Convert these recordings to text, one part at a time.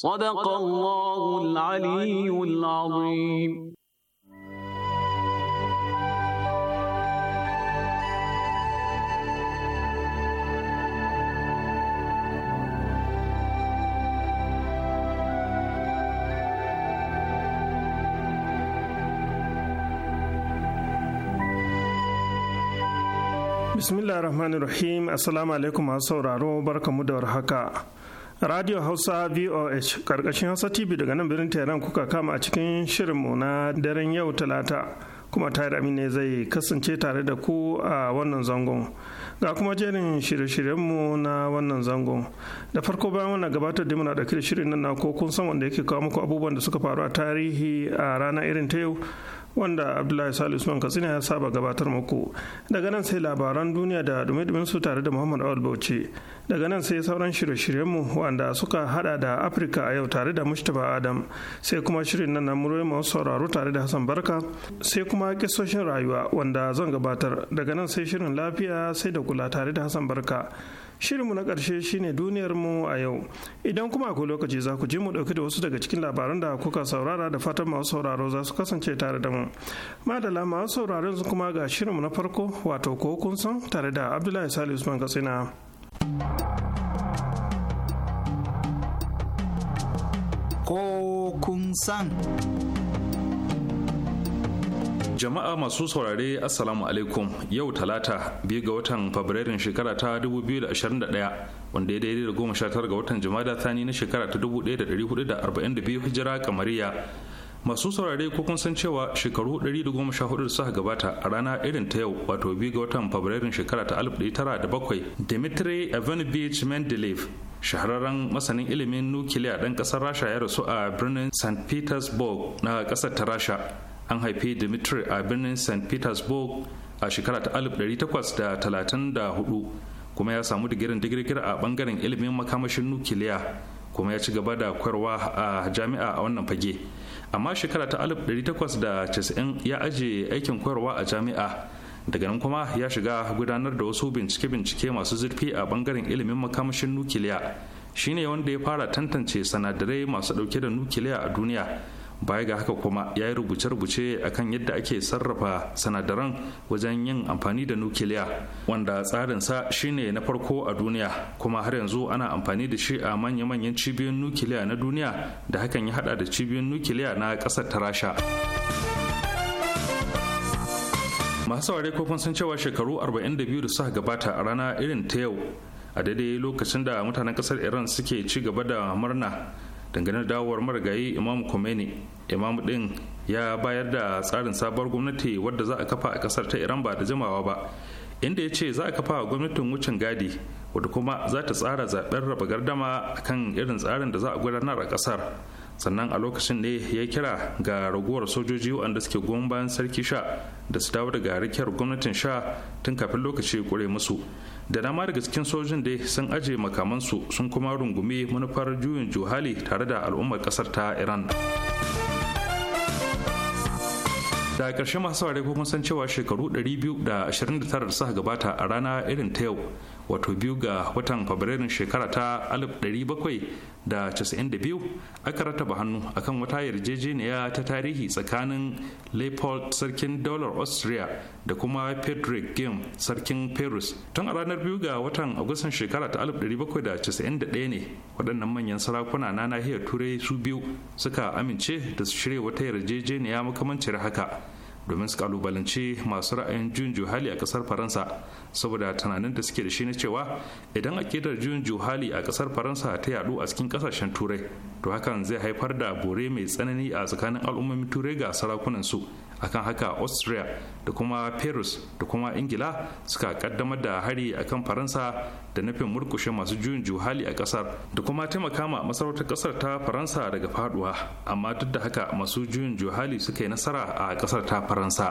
صدق الله العلي العظيم بسم الله الرحمن الرحيم السلام عليكم ورحمة الله وبركاته Radio Hausa VOH karkashin Hausa TV daga nan birnin Tehran kuka kama a cikin shirin shirinmu na daren yau talata kuma tare ne zai kasance tare da ku a wannan zangon. Ga kuma jerin shirye-shiryenmu na wannan zangon. Da farko bayan wannan gabatar da muna ɗauke da shirin nan na ko kun san wanda yake kawo muku abubuwan da suka faru a tarihi a rana irin ta yau wanda abdullahi salisu usman katsina ya saba gabatar muku daga nan sai labaran duniya da dumi su tare da muhammad awal bauchi daga nan sai sauran shirye-shiryenmu wanda suka hada da afirka a yau tare da mustapha adam sai kuma shirin nan na muryoyi masu sauraro tare da hassan barka sai kuma kisoshin rayuwa wanda zan gabatar daga nan sai shirin lafiya sai da kula tare da hassan barka mu na ƙarshe shine mu a yau. Idan kuma akwai lokaci za ku ji mu ɗauki da wasu daga cikin labaran da kuka saurara da fatan masu sauraro za su kasance tare da mu. Madala masu sauraron su kuma ga shirin mu na farko wato ko kun san tare da Abdullahi Salisu Usman Katsina. Ko kun san. Jama'a masu saurare Assalamu alaikum yau talata biyu ga watan Fabrairun shekara ta 2021 wanda ya daidai da goma sha tara ga watan jama'a Thani na shekara ta 1442 hijira kamariya. Masu saurare ko kun san cewa shekaru 114 suka gabata a rana irin ta yau wato biyu ga watan Fabrairun shekara ta 1907 Dimitri Ivanovich Mendeleev shahararren masanin ilimin nukiliya ɗan ƙasar Rasha ya rasu a birnin St. Petersburg na ƙasar ta Rasha. an haife dimitri a birnin st petersburg a shekara ta 1834 kuma ya samu digirin digirgir a bangaren ilimin makamashin nukiliya kuma ya ci gaba da koyarwa a jami'a a wannan fage amma shekara ta 1890 ya aje aikin koyarwa a jami'a daga nan kuma ya shiga gudanar da wasu bincike-bincike masu zurfi a bangaren ilimin makamashin nukiliya shine wanda ya fara tantance sanadarai masu dauke da nukiliya a duniya baya ga haka kuma ya yi rubuce-rubuce akan yadda ake sarrafa sanadaran wajen yin amfani da nukiliya wanda tsarinsa shine na farko a duniya kuma har yanzu ana amfani da shi a manya-manyan cibiyoyin nukiliya na duniya da hakan ya hada da cibiyoyin nukiliya na ƙasar ta rasha masu saurare kofin sun cewa shekaru 42 da suka gabata a rana irin ta yau a daidai lokacin da mutanen kasar iran suke ci gaba da murna dangane dawowar marigayi imam khomeini imam din ya bayar da tsarin sabuwar gwamnati wadda za a kafa a kasar ta iran ba da jimawa ba inda ya ce za a kafa gwamnatin wucin gadi wadda kuma za ta tsara zaben raba gardama akan irin tsarin da za a gudanar a kasar sannan a lokacin ne ya kira ga raguwar sojoji waɗanda suke goma bayan sarki sha da su dawo daga rikiyar gwamnatin sha tun kafin lokaci kure musu da dama daga cikin sojin dai sun aje makamansu sun kuma rungumi manufar juyin juhali tare da al'ummar ƙasar ta iran da ƙarshe masu saurari kun san cewa shekaru 229 da suka gabata a rana irin ta yau wato biyu ga watan fabrairun shekara ta 1792 aka rataba hannu akan wata yarjejeniya ta tarihi tsakanin leopold sarkin dollar austria da kuma frederick game sarkin paris tun a ranar biyu ga watan agustan shekara ta 1791 ne waɗannan manyan sarakuna na nahiyar turai su biyu suka amince da su shirya wata yarjejeniya makamancin haka domin su kalubalanci masu ra'ayin juyin juhali a kasar faransa saboda tunanin da suke da shi na cewa idan akidar juyin juhali a kasar faransa ta yadu a cikin kasashen turai to hakan zai haifar da bore mai tsanani a tsakanin al'ummomin turai ga sarakunan su akan haka austria da kuma paris da kuma ingila suka kaddamar da hari akan faransa da nufin murkushe masu juyin juhali a kasar da kuma taimaka ma masarautar kasar ta faransa daga faduwa amma duk da haka masu juyin juhali suka yi nasara a kasar ta faransa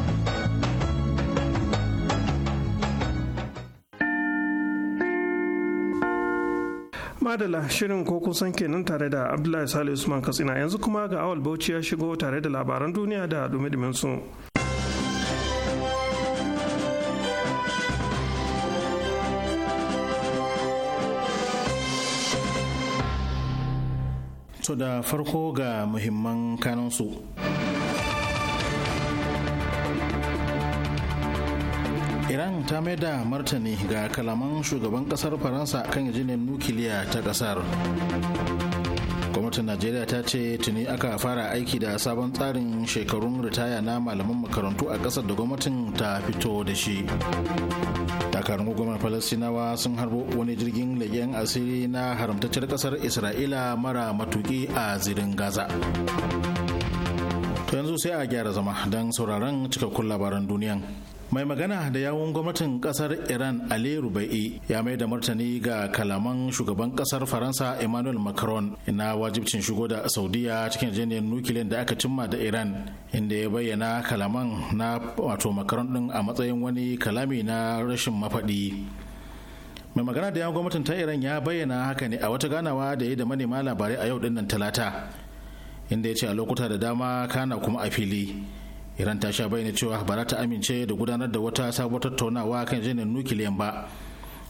madala shirin ko kusan kenan tare da abdullahi sale usman katsina yanzu kuma ga awal bauchi ya shigo tare da labaran duniya da dumi su to da farko ga muhimman kanansu iran ta mai da martani ga kalaman shugaban kasar faransa kan yajinin nukiliya ta kasar gwamnatin najeriya ta ce tuni aka fara aiki da sabon tsarin shekarun ritaya na malaman makarantu a kasar da gwamnatin ta fito da shi dakarun gwamnan falastinawa sun harbo wani jirgin leƙen asiri na haramtacciyar kasar isra'ila mara matuki a zirin gaza ta yanzu sai a gyara zama don sauraron cikakkun labaran duniyan mai magana da yawun gwamnatin kasar iran ali rubai ya mai da martani ga kalaman shugaban kasar faransa emmanuel macron na wajibcin shigo da saudiya cikin jiniyar nukiliyar da aka cimma da iran inda ya bayyana kalaman na wato macron din a matsayin wani kalami na rashin mafaɗi mai magana da yawun gwamnatin ta iran ya bayyana haka ne a wata ganawa da ya da manema labarai a yau dinnan talata inda ya ce a lokuta da dama kana kuma a fili iran ta sha bayyana cewa ba za ta amince da gudanar da wata sabuwar tattaunawa kan jinin nukiliyan ba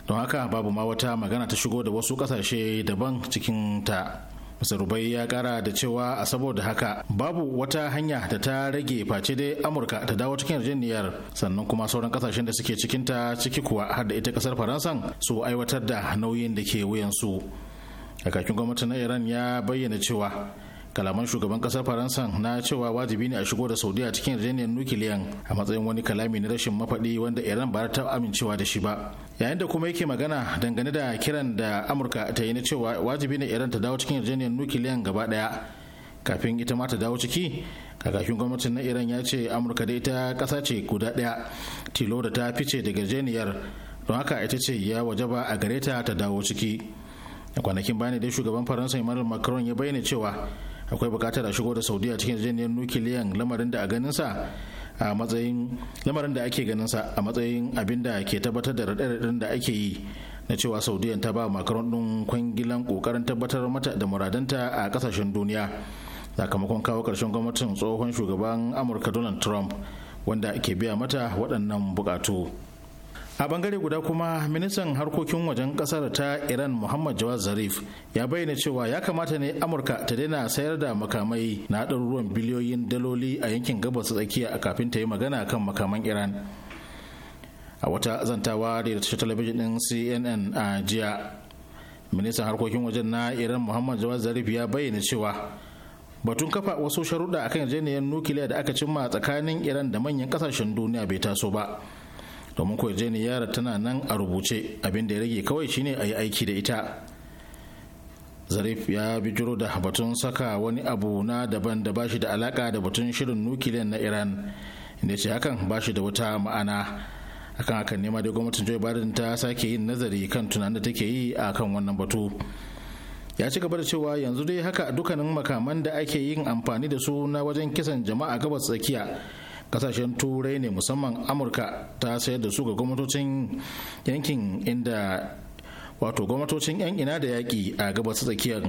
don haka babu ma wata magana ta shigo da wasu kasashe daban cikin ta Rubai ya kara da cewa a saboda haka babu wata hanya da ta rage face dai Amurka ta dawo cikin yarjejeniyar sannan kuma sauran kasashen da suke cikinta ciki kuwa har da ita kasar Faransan su aiwatar da nauyin da ke wuyansu. Kakakin gwamnati na Iran ya bayyana cewa kalaman shugaban kasar faransa na cewa wajibi ne a shigo da saudiya cikin yarjejeniyar nukiliyan a matsayin wani kalami na rashin mafaɗi wanda iran ba ta amincewa da shi ba yayin da kuma yake magana dangane da kiran da amurka ta yi na cewa wajibi ne iran ta dawo cikin yarjejeniyar nukiliyan gaba daya kafin ita ma ta dawo ciki kakakin gwamnatin na iran ya ce amurka da ita ƙasa ce guda ɗaya tilo da ta fice daga yarjejeniyar don haka ita ce ya wajaba a gare ta ta dawo ciki a kwanakin bayan dai shugaban faransa emmanuel macron ya bayyana cewa akwai bukatar a shigo da saudiya cikin yarjejeniyar nukiliyan lamarin da a ganin sa a matsayin lamarin da ake ganin sa a matsayin abin da ke tabbatar da raɗe da ake yi na cewa saudiyan ta ba makaron ɗin kwangilan ƙoƙarin tabbatar mata da muradanta a ƙasashen duniya sakamakon kawo ƙarshen gwamnatin tsohon shugaban amurka donald trump wanda ke biya mata waɗannan buƙatu. a bangare guda kuma ministan harkokin wajen kasar ta iran muhammad jawad zarif ya bayyana cewa ya kamata ne amurka ta daina sayar da makamai na ɗaruruwan biliyoyin daloli a yankin gabas tsakiya a kafin ta yi magana kan makaman iran a wata zantawa da tashar talabijin ɗin cnn a jiya ministan harkokin wajen na iran muhammad jawad zarif ya bayyana cewa batun kafa wasu sharuɗa akan yarjejeniyar nukiliya da aka cimma tsakanin iran da manyan ƙasashen duniya bai taso ba domin yara tana nan a rubuce abin da ya rage kawai shine a yi aiki da ita zarif ya bijiro da batun saka wani abu na daban da bashi da alaka da batun shirin nukiliyan na iran inda ce hakan bashi da wata ma'ana akan hakan nema dai gwamnatin joe biden ta sake yin nazari kan tunanin da take yi a kan wannan batu ya ci gaba da cewa yanzu dai haka dukkanin makaman da ake yin amfani da su na wajen kisan jama'a gabas tsakiya kasashen turai ne musamman amurka ta sayar da su ga gwamnatocin yankin inda wato gwamnatocin yan ina da yaƙi a gabas tsakiyar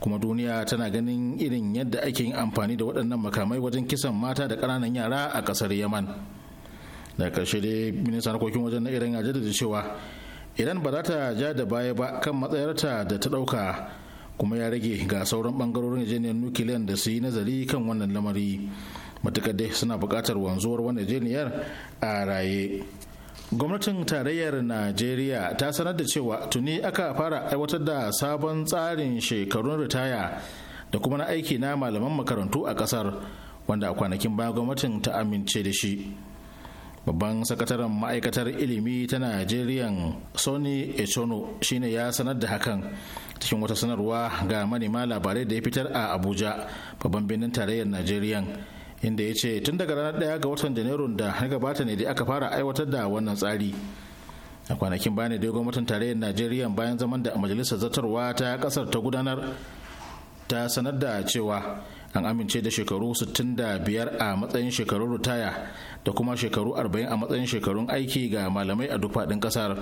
kuma duniya tana ganin irin yadda ake yin amfani da waɗannan makamai wajen kisan mata da ƙananan yara a ƙasar yaman da ƙarshe dai ministan harkokin wajen na iran ya jaddada cewa iran ba za ta ja da baya ba kan matsayarta da ta ɗauka kuma ya rage ga sauran ɓangarorin yarjejeniyar nukiliyan da su yi nazari kan wannan lamari matuƙa dai suna buƙatar wanzuwar wannan jiniyar a raye gwamnatin tarayyar najeriya ta sanar da cewa tuni aka fara aiwatar da sabon tsarin shekarun ritaya da kuma na aiki na malaman makarantu a kasar wanda a kwanakin baya gwamnatin ta amince da shi babban sakataren ma'aikatar ilimi ta najeriya sony echono shine ya sanar da hakan cikin wata sanarwa ga manema labarai da ya fitar a abuja babban birnin tarayyar najeriya inda ya ce tun daga ranar ɗaya ga watan janairun da ya gabata ne dai aka fara aiwatar da wannan tsari a kwanakin bayan ne mutum gwamnatin tarayyar najeriya bayan zaman da majalisar zartarwa ta kasar ta gudanar ta sanar da cewa an amince da shekaru 65 a matsayin shekarun ritaya da kuma shekaru 40 a matsayin shekarun aiki ga malamai a duk faɗin ƙasar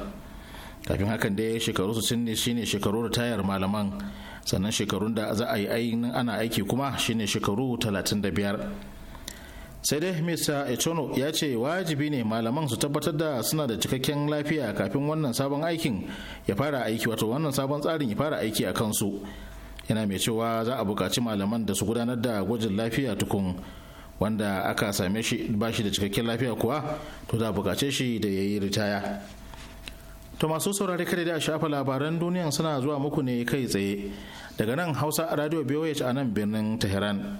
kafin hakan dai shekaru 60 ne shine shekaru ritayar malaman sannan shekarun da za a yi ainihin ana aiki kuma shine shekaru 35 sai dai mista etono ya ce wajibi ne malaman su tabbatar da suna da cikakken lafiya kafin wannan sabon aikin ya fara aiki wato wannan sabon tsarin ya fara aiki a kansu yana mai cewa za a buƙaci malaman da su gudanar da gwajin lafiya tukun wanda aka same shi ba shi da cikakken lafiya kuwa to za a buƙace shi da ya yi ritaya to masu saurari kada da shafa labaran duniyan suna zuwa muku ne kai tsaye daga nan hausa radio bwh a nan birnin tehran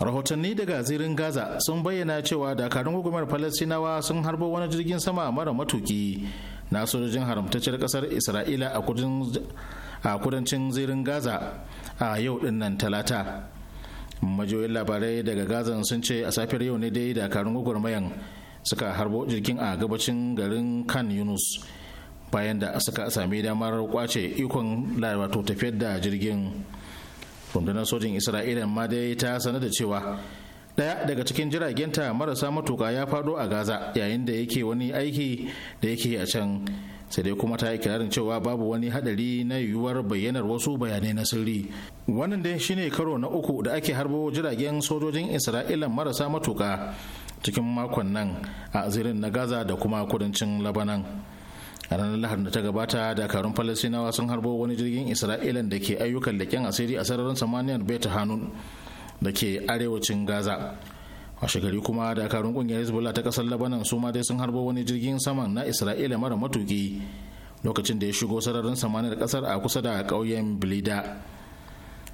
rahotanni daga zirin gaza sun bayyana cewa dakarun hukumar falastinawa sun harbo wani jirgin sama mara matuki na sojojin haramtacciyar kasar isra'ila a kudancin zirin gaza a yau dinnan talata majiyoyin labarai daga gaza sun ce a safiyar yau ne dai dakarun gwagwarmayan suka harbo jirgin a gabacin garin kan yunus bayan da suka sami damar kwace ikon wato tafiyar da jirgin rundunar sojin isra'ila ma dai ta sanar da cewa daya daga cikin jiragenta marasa matuka ya fado a gaza yayin da yake wani aiki da yake a can sai dai kuma ta yi kirarin cewa babu wani hadari na yiwuwar bayyanar wasu bayanai na sirri wannan dai shine karo na uku da ake harbo jiragen sojojin isra'ila marasa matuka cikin makon nan a zirin na gaza da kuma kudancin labanan a ranar lahar da ta gabata dakarun falasinawa sun harbo wani jirgin isra'ilan da ke ayyukan leƙen asiri a sararin samaniyar beta hanun da ke arewacin gaza a shekaru kuma dakarun kungiyar hezbollah ta kasar labanan su ma dai sun harbo wani jirgin saman na isra'ila mara matuki lokacin da ya shigo sararin samaniyar kasar a kusa da ƙauyen bilida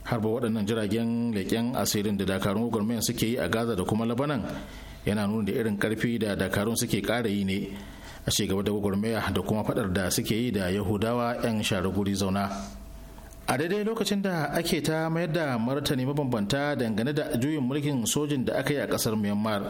harba waɗannan jiragen leƙen asirin da dakarun gwagwarmayan suke yi a gaza da kuma labanan yana nuna da irin karfi da dakarun suke ƙara yi ne a gaba da gwagwarmaya da kuma fadar da suke yi da yahudawa 'yan share guri zauna a daidai lokacin da ake ta mayar da martani mabambanta dangane da juyin mulkin sojin da aka yi a kasar myanmar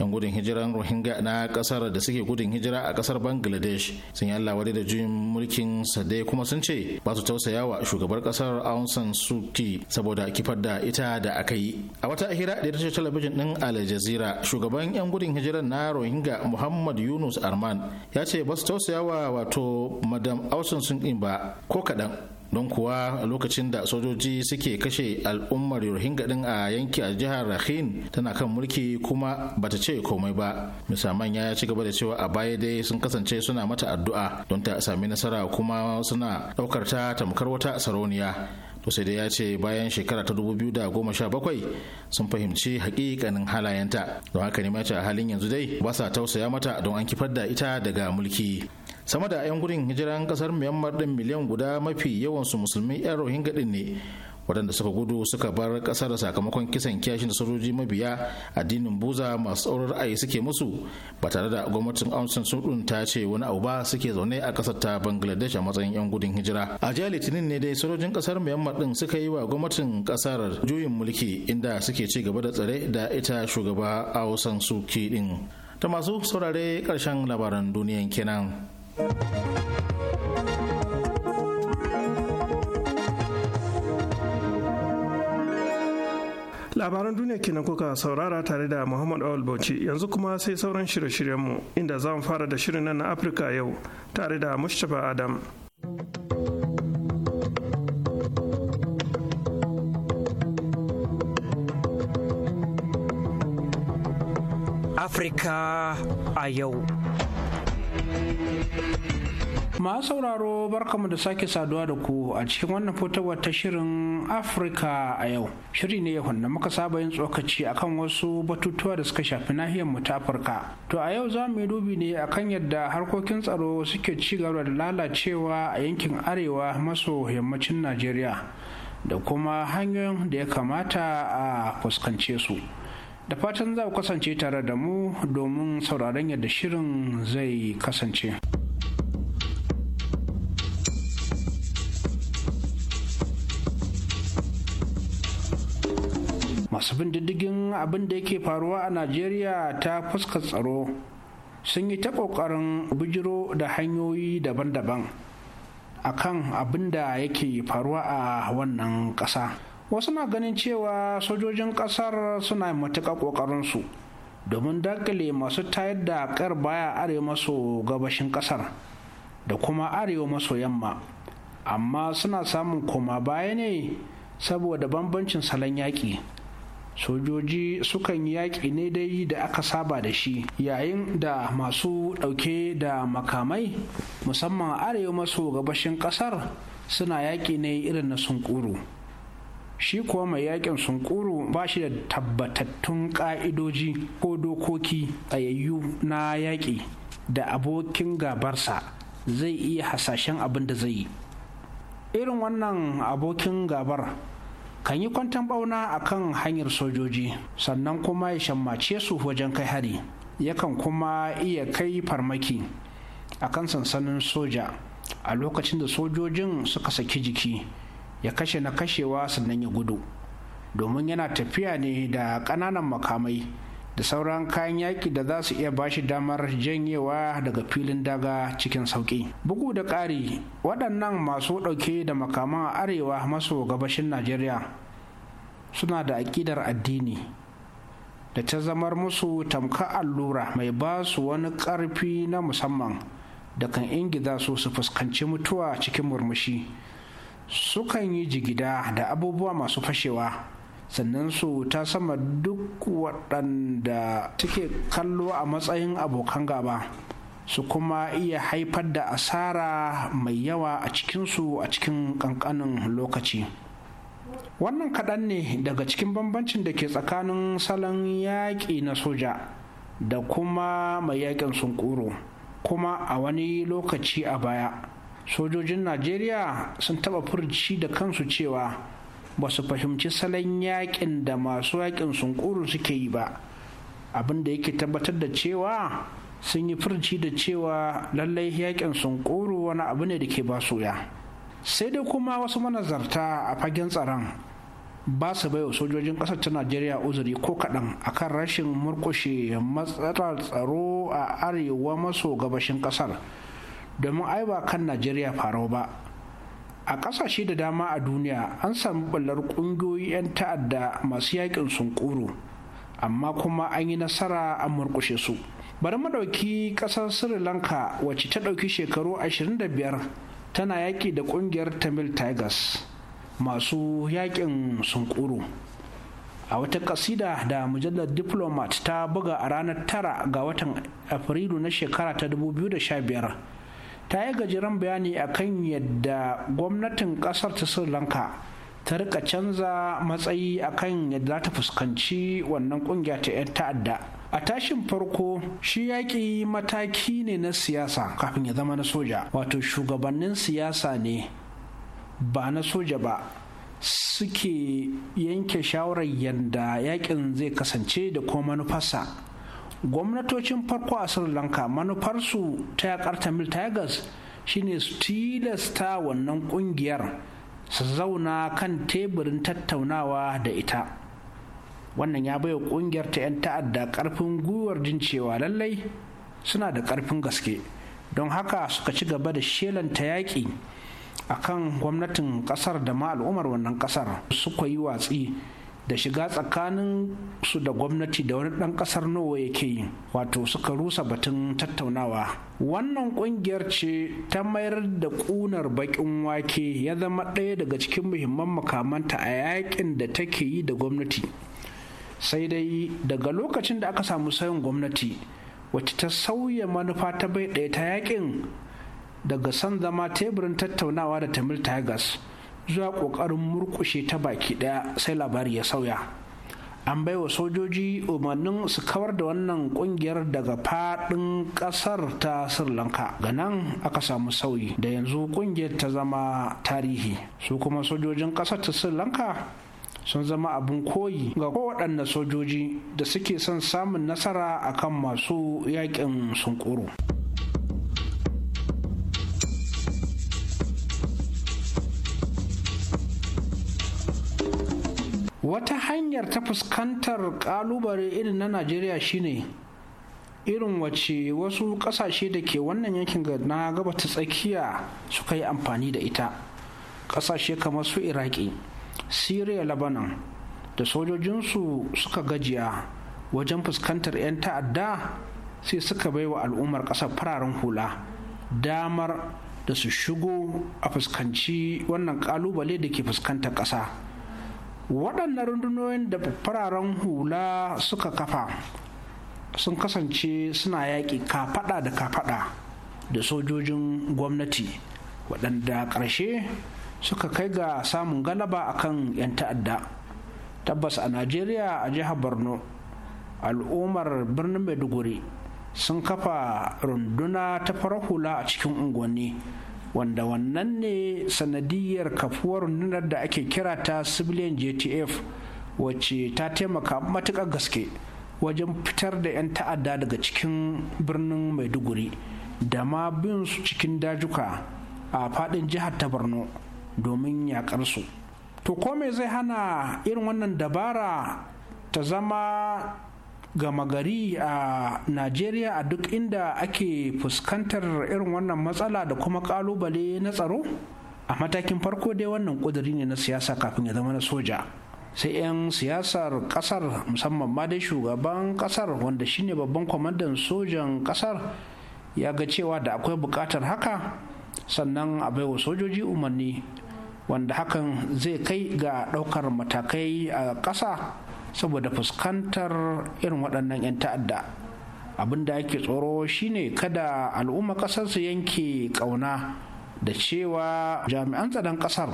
yan gudun hijiran rohingya na kasar da suke gudun hijira a kasar bangladesh sun yi allah da juyin mulkin sade kuma sun ce ba su tausayawa shugabar kasar aung san suu saboda kifar da ita da aka yi a wata hira da tashar talabijin din al jazeera shugaban yan gudun hijiran na rohingya muhammad yunus arman ya ce ba su tausayawa wato madam ausan sun ba ko kaɗan don kuwa a lokacin da sojoji suke kashe al'ummar rohingya din a yanki a jihar rahin tana kan mulki kuma bata ce komai ba misa manya ya ci gaba da cewa a baya dai sun kasance suna mata addu'a don ta sami nasara kuma suna ɗaukar ta tamkar wata sarauniya to sai dai ya ce bayan shekara ta dubu biyu da sha bakwai sun fahimci hakikanin halayenta don haka ne mace a halin yanzu dai ba sa tausaya mata don an kifar da ita daga mulki sama da 'yan gudun hijiran kasar myanmar din miliyan guda mafi yawan su musulmi 'yan rohingya din ne waɗanda suka gudu suka bar ƙasar sakamakon kisan kiyashin da sojoji mabiya addinin buza masu tsoron ra'ayi suke musu ba tare da gwamnatin amsan sudun ta ce wani abu ba suke zaune a ƙasar ta bangladesh a matsayin yan gudun hijira a jiya litinin ne dai sojojin ƙasar myanmar ɗin suka yi wa gwamnatin ƙasar juyin mulki inda suke ci gaba da tsare da ita shugaba wasan suki din ta masu saurare ƙarshen labaran duniyan kenan. labaran duniya kenan kuka saurara tare da muhammad awal bauchi yanzu kuma sai sauran shirye-shiryenmu inda za mu fara da shirin nan na afirka yau tare da mustapha adam afirka a yau Ma sauraro barkamu da sake saduwa da ku a cikin wannan fitowar ta shirin Afirka a yau. Shiri ne wanda muka saba yin tsokaci akan wasu batutuwa da suka shafi nahiyar mu ta Afirka. To a yau za mu yi dubi ne akan yadda harkokin tsaro suke ci gaba da lalacewa a yankin arewa maso yammacin Najeriya da kuma hanyoyin da ya kamata a fuskance su. da fatan za ku kasance tare da mu domin sauraron yadda shirin zai kasance. masu bin diddigin abin da yake faruwa a najeriya ta fuskar tsaro sun yi ta ƙoƙarin bijiro da hanyoyi daban-daban akan abin da yake faruwa a wannan ƙasa. wasu na ganin cewa sojojin kasar suna matuƙa ƙoƙarinsu domin dakile masu tayar da ƙar baya arewa maso gabashin kasar da kuma arewa maso yamma amma suna samun koma baya ne saboda bambancin salon yaƙi sojoji sukan yi yaƙi ne dai da aka saba da shi yayin da masu ɗauke da makamai musamman arewa maso gabashin ƙasar suna yaƙi ne irin na sunkuru. shi kuwa mai yakin sunkuru ba shi da tabbatattun ka'idoji ko dokoki tsayayyu na yaƙi da abokin gabarsa zai iya hasashen abin da zai yi irin wannan abokin gabar kan yi kwantan bauna a kan hanyar sojoji sannan kuma ya shammace su wajen kai hari yakan kuma iya kai farmaki a kan sansanin soja a lokacin da sojojin suka saki jiki ya kashe na kashewa sannan ya gudu domin yana tafiya ne da ƙananan makamai da sauran kayan yaƙi da za su iya ba damar janyewa daga filin daga cikin sauƙi. Bugu da ƙari waɗannan masu ɗauke da makaman arewa maso gabashin Najeriya suna da aƙidar addini da ta zamar musu tamka allura mai ba su wani ƙarfi na musamman da kan ingiza su su fuskanci mutuwa cikin murmushi. sukan yi jigida da abubuwa masu fashewa sannan su ta sama duk waɗanda suke kallo a matsayin abokan gaba su kuma iya haifar da asara mai yawa a cikinsu a cikin ƙanƙanin lokaci wannan kaɗan ne daga cikin bambancin da ke tsakanin salon yaƙi na soja da kuma mai yaƙin sunkuru kuma a wani lokaci a baya sojojin najeriya sun taɓa furci da kansu cewa ba su fahimci salon yakin da masu yakin sunkuru suke yi ba abin da yake tabbatar da cewa sun yi furci da cewa lallai yakin sunkuru wani abu ne da ke ba soya sai dai kuma wasu manazarta a fagen tsaron ba su wa sojojin ƙasar ta najeriya uzuri ko kaɗan akan rashin murkushe matsalar tsaro a arewa maso gabashin ƙasar domin ai ba kan najeriya farau ba a ƙasashe da dama a duniya an samu ɓallar ƙungiyoyin 'yan ta'adda masu yaƙin sunkuru amma kuma an yi nasara an murƙushe su bari mu ɗauki ƙasar sri lanka wacce ta ɗauki shekaru 25 tana yaƙi da ƙungiyar tamil tigers masu yaƙin sunkuru a wata ƙasida da mujallar diplomat ta buga a ranar tara ga watan afrilu na shekara ta 2015 ta yi gajeren bayani akan yadda gwamnatin kasar ta sri lanka ta rika canza matsayi akan yadda za ta fuskanci wannan kungiya ta 'yan ta'adda a tashin farko shi yaƙi mataki ne na siyasa kafin ya zama na soja wato shugabannin siyasa ne ba na soja ba suke yanke shawarar yadda yakin zai kasance da kuma manufarsa gwamnatocin farko a sri lanka manufarsu ta yakar mil tigers shine su tilasta wannan kungiyar su zauna kan teburin tattaunawa da ita wannan ya baiwa kungiyar ta 'yan ta'adda karfin gwiwar jin cewa lallai suna da karfin gaske don haka suka ci gaba da shelanta yaƙi a kan gwamnatin ƙasar da ma al'ummar wannan ƙasar suka yi watsi da shiga tsakanin su da gwamnati da wani ɗan ƙasar nowa yake yi wato suka rusa batun tattaunawa wannan ƙungiyar ce ta mayar da ƙunar baƙin wake ya zama ɗaya daga cikin muhimman makamanta a yakin da take yi da gwamnati sai dai daga lokacin da aka samu sayin gwamnati wacce ta sauya manufa ta bai ɗaya ta yakin daga son zama teburin tattaunawa da tamil tigers zuwa ƙoƙarin murƙushe ta baki ɗaya sai labari ya sauya an baiwa sojoji umarnin su kawar da wannan kungiyar daga faɗin ƙasar ta sri lanka ga nan aka samu sauyi da yanzu kungiyar ta zama tarihi su kuma sojojin ƙasar ta sri lanka sun zama abin koyi ga kowaɗanne sojoji da suke son samun nasara akan masu yakin sunkuru. wata hanyar ta fuskantar kalubale irin na najeriya shine irin wace wasu kasashe da ke wannan yankin na gaba ta tsakiya suka yi amfani da ita kasashe kamar su iraki syria lebanon da sojojinsu suka gajiya wajen fuskantar 'yan ta'adda sai suka baiwa al'ummar ƙasa fararen hula damar da su shigo a fuskanci wannan kalubale da ke fuskantar ƙasa waɗannan rundunoyin da fararen hula suka kafa sun kasance suna yaƙi kafaɗa da kafaɗa da sojojin gwamnati waɗanda ƙarshe suka kai ga samun galaba akan 'yan ta'adda tabbas a najeriya a jihar borno al'ummar birnin maiduguri sun kafa runduna ta farar hula a cikin unguwanni wanda wannan ne sanadiyar kafuwar nunar da ake kira ta civilian jtf wacce ta taimaka matuƙar gaske wajen fitar da 'yan ta'adda daga cikin birnin maiduguri da ma bin su cikin dajuka a faɗin jihar ta borno domin yakar su to kome zai hana irin wannan dabara ta zama gama gari a najeriya a duk inda ake fuskantar irin wannan matsala da kuma kalubale na tsaro a matakin farko dai wannan kuduri ne na siyasa kafin ya zama na soja sai 'yan siyasar kasar musamman ma dai shugaban kasar wanda shine babban kwamandan sojan kasar ya ga cewa da akwai bukatar haka sannan a baiwa sojoji umarni wanda hakan zai kai ga ɗaukar matakai a ƙasa saboda fuskantar irin waɗannan 'yan ta'adda abin da ake tsoro shine kada al'umma ƙasar su yanke ƙauna da cewa jami'an tsaron ƙasar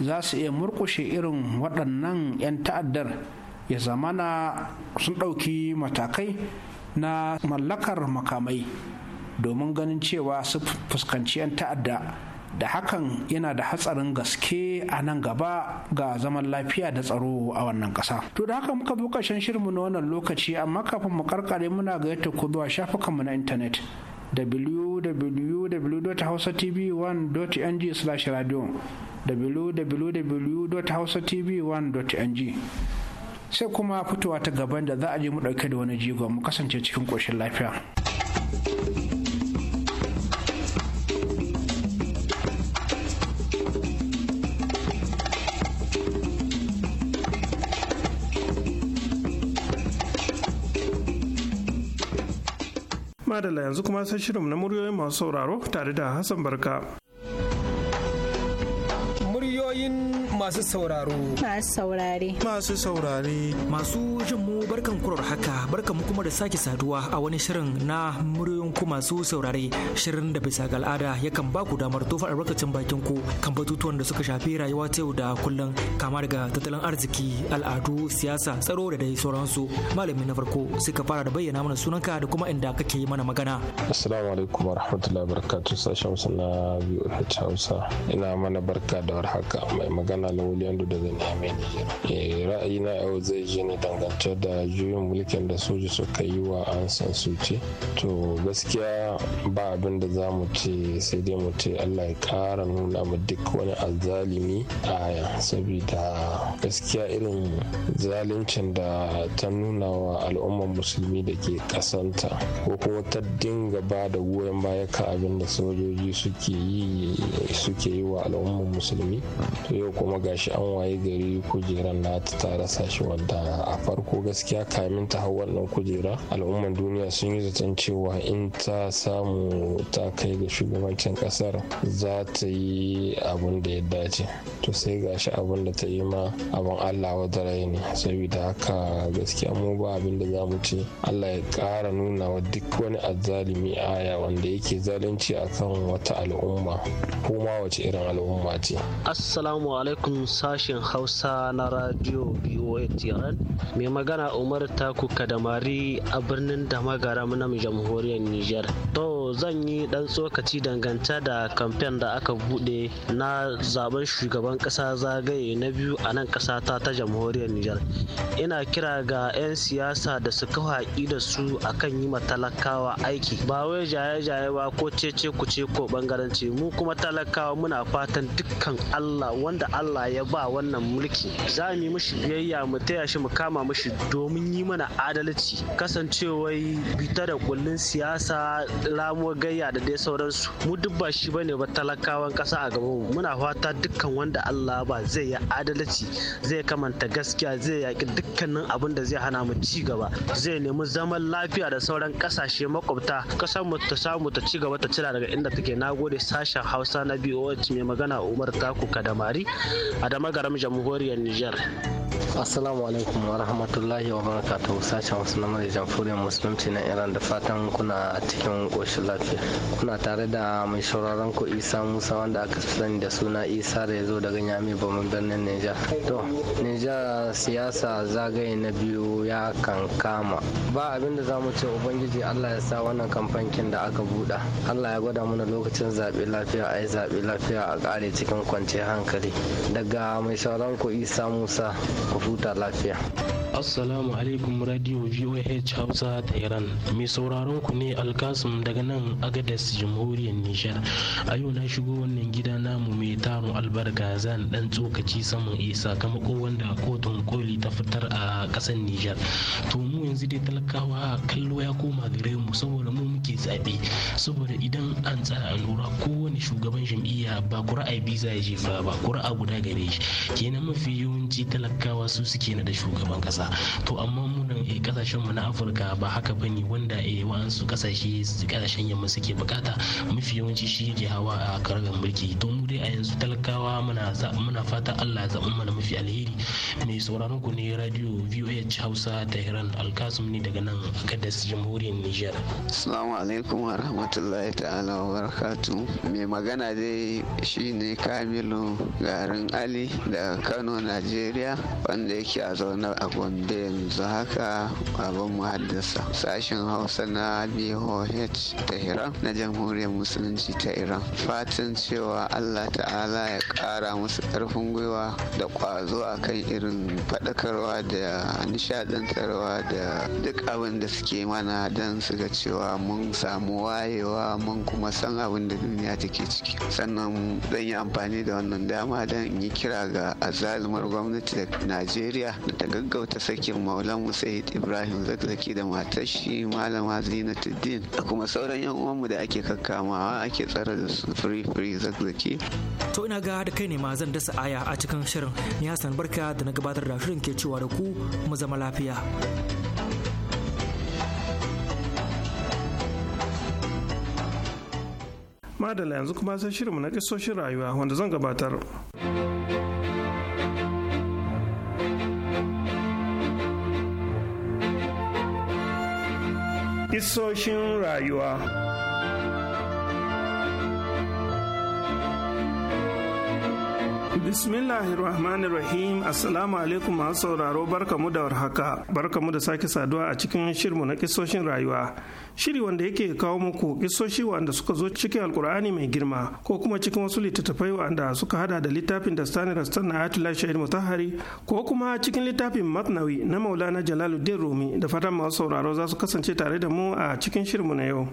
za su iya murƙushe irin waɗannan 'yan ta'addar ya zamana sun ɗauki matakai na mallakar makamai domin ganin cewa su fuskanci 'yan ta'adda da hakan yana da hatsarin gaske a nan gaba ga zaman lafiya da tsaro a wannan kasa. To da haka muka bi ƙarshen shirinmu na wannan lokaci amma kafin mu karkare muna ga yadda ku zuwa shafukanmu na intanet www.hausatv1.ng/radio www.hausatv1.ng sai kuma fitowa ta gaban da za a je mu ɗauke da wani jigon mu kasance cikin ƙoshin lafiya. madala yanzu kuma sai shirin na muryoyin masu sauraro tare da Hassan Barka. masu sauraro masu saurare masu saurare masu jin mu barkan kurar haka barkan mu kuma da sake saduwa a wani shirin na muryoyin ku masu saurare shirin da bisa ga al'ada yakan ba ku damar tofa albarkacin bakin ku kan batutuwan da suka shafi rayuwa ta yau da kullum kama daga tattalin arziki al'adu siyasa tsaro da dai sauransu malami na farko suka fara da bayyana mana sunanka da kuma inda kake yi mana magana assalamu alaikum warahmatullahi wabarakatuh sashen na biyu hausa ina mana barka da warhaka mai magana lawali aldo da mai nijar eh, ra'ayina yau zai je ne dangance da juyin mulkin da soja suka yi wa an san suci to gaskiya ba abin da za mu ce sai dai mu ce allah ya kara nuna mu duk wani azalimi aya saboda gaskiya irin zaluncin da ta nuna wa al'ummar musulmi da ke kasanta ko kuma ta dinga ba da goyon baya ka abin da sojoji suke yi wa al'ummar musulmi to yau kuma gashi an waye gari kujeran na ta rasa shi wadda a farko gaskiya kamin ta hau wannan kujera al'umman duniya sun yi zaton cewa in ta samu ta kai ga shugabancin kasar za ta yi abin da ya dace to sai gashi abin da ta yi ma abin allah wata rai ne saboda haka gaskiya mu ba abin da za mu ce allah ya kara nuna wa duk wani azzalimi aya wanda yake zalunci akan wata al'umma ko ma wace irin al'umma ce assalamu alaikum sashen Hausa na Radio BOA Tehran. Mai magana Umar Taku Kadamari a birnin Damagaram na jamhuriyar Nijar. To zan yi ɗan tsokaci dangance da kamfen da aka buɗe na zaɓen shugaban ƙasa zagaye na biyu a nan ƙasa ta ta jamhuriyar Nijar. Ina kira ga 'yan siyasa da su kawo da su akan yi ma talakawa aiki. Ba wai jaye-jaye ba ko cece ku ce ko bangaranci mu kuma talakawa muna fatan dukkan Allah wanda Allah ya ba wannan mulki. Za mu yi mishi biyayya mu taya shi mu kama mishi domin yi mana adalci. Kasancewai bita da kullun siyasa samuwar gayya da dai sauransu mu duk ba shi bane ba talakawan kasa a gaban muna fata dukkan wanda Allah ba zai yi adalci zai kamanta gaskiya zai yaki dukkanin abin da zai hana mu ci gaba zai nemi zaman lafiya da sauran kasashe makwabta kasar mu ta samu ta ci gaba ta cira daga inda take nagode sashen Hausa na wacce mai magana Umar Taku Kadamari a da magaram jamhuriyar Niger Assalamu alaikum wa rahmatullahi wa barakatuhu sashen wasu na musulunci na Iran da fatan kuna cikin koshin lafiya kuna tare da mai sauraron ku isa musa wanda aka sani da suna isa da ya zo daga nyami bamin birnin niger to niger siyasa zagaye na biyu ya kankama ba abin da za mu ce ubangiji allah ya sa wannan kamfankin da aka buɗa allah ya gwada mana lokacin zaɓe lafiya a yi zaɓe lafiya a ƙare cikin kwanciyar hankali daga mai sauraron ku isa musa ku huta lafiya assalamu alaikum radio voh hausa ta iran mai sauraron ku ne alkasim daga nan nan agadas jamhuriyar nijar a yau na shigo wannan gida namu mai taron albarka zan dan tsokaci saman isa eh, kamar wanda kotun koli ta fitar a kasar nijar to mu yanzu dai talakawa kallo ya koma gare mu saboda mu muke zaɓe saboda idan an tsara allura kowane shugaban jam'iyya ba kura a biza ya jefa ba kura a guda gare shi kenan mafi yawanci talakawa su suke na da shugaban kasa to amma mu Eh, kasashen mu na afirka ba haka ba ne wanda eh, wa'ansu kasashe kasashen yamma suke bukata mafi yawanci shi ke hawa a karagar mulki to mu dai a yanzu talakawa muna fata allah ya zaɓi mana mafi alheri mai sauraron ku ne radio voh hausa tehran alkasum ne daga nan a agadas jamhuriyar niger assalamu alaikum wa rahmatullahi ta'ala wa barakatu mai magana dai shine kamilu garin ali daga kano najeriya wanda yake a zaune a gombe yanzu haka Amurka baban muhaddasa sashen Hausa na BOH Iran? na Jamhuriyar Musulunci ta Iran. Fatan cewa Allah ta'ala ya ƙara musu karfin gwiwa da ƙwazo a kan irin faɗakarwa da nishadantarwa da duk abin da suke mana don su ga cewa mun samu wayewa mun kuma san abin da duniya take ciki. Sannan zan yi amfani da wannan dama don in yi kira ga azalumar gwamnati da Najeriya da ta gaggauta sakin Maulan Musa Said Ibrahim Zakzaki da matar shi Malama Zinatuddin da kuma sauran 'yan uwanmu da ake kakkamawa ake tsara da su free free Zakzaki. To ina ga da kai ne ma zan dasa aya a cikin shirin ni Hassan Barka da na gabatar da shirin ke cewa da ku mu zama lafiya. Madala yanzu kuma sai shirinmu na kisoshin rayuwa wanda zan gabatar. Isoshin rayuwa. Bismillahirrahmanirrahim Assalamu alaikum masu sauraro barkamu da warhaka barkamu da sake saduwa a cikin shirmu na kisoshin rayuwa shiri wanda yake kawo muku kisoshi wanda suka zo cikin alkur'ani mai girma ko kuma cikin wasu littattafai wanda suka hada da littafin da stani rastan na ayatollah shahid mutahari ko kuma cikin littafin matnawi na maulana jalaluddin rumi da fatan masu sauraro za su kasance tare da mu a cikin shirmu na yau.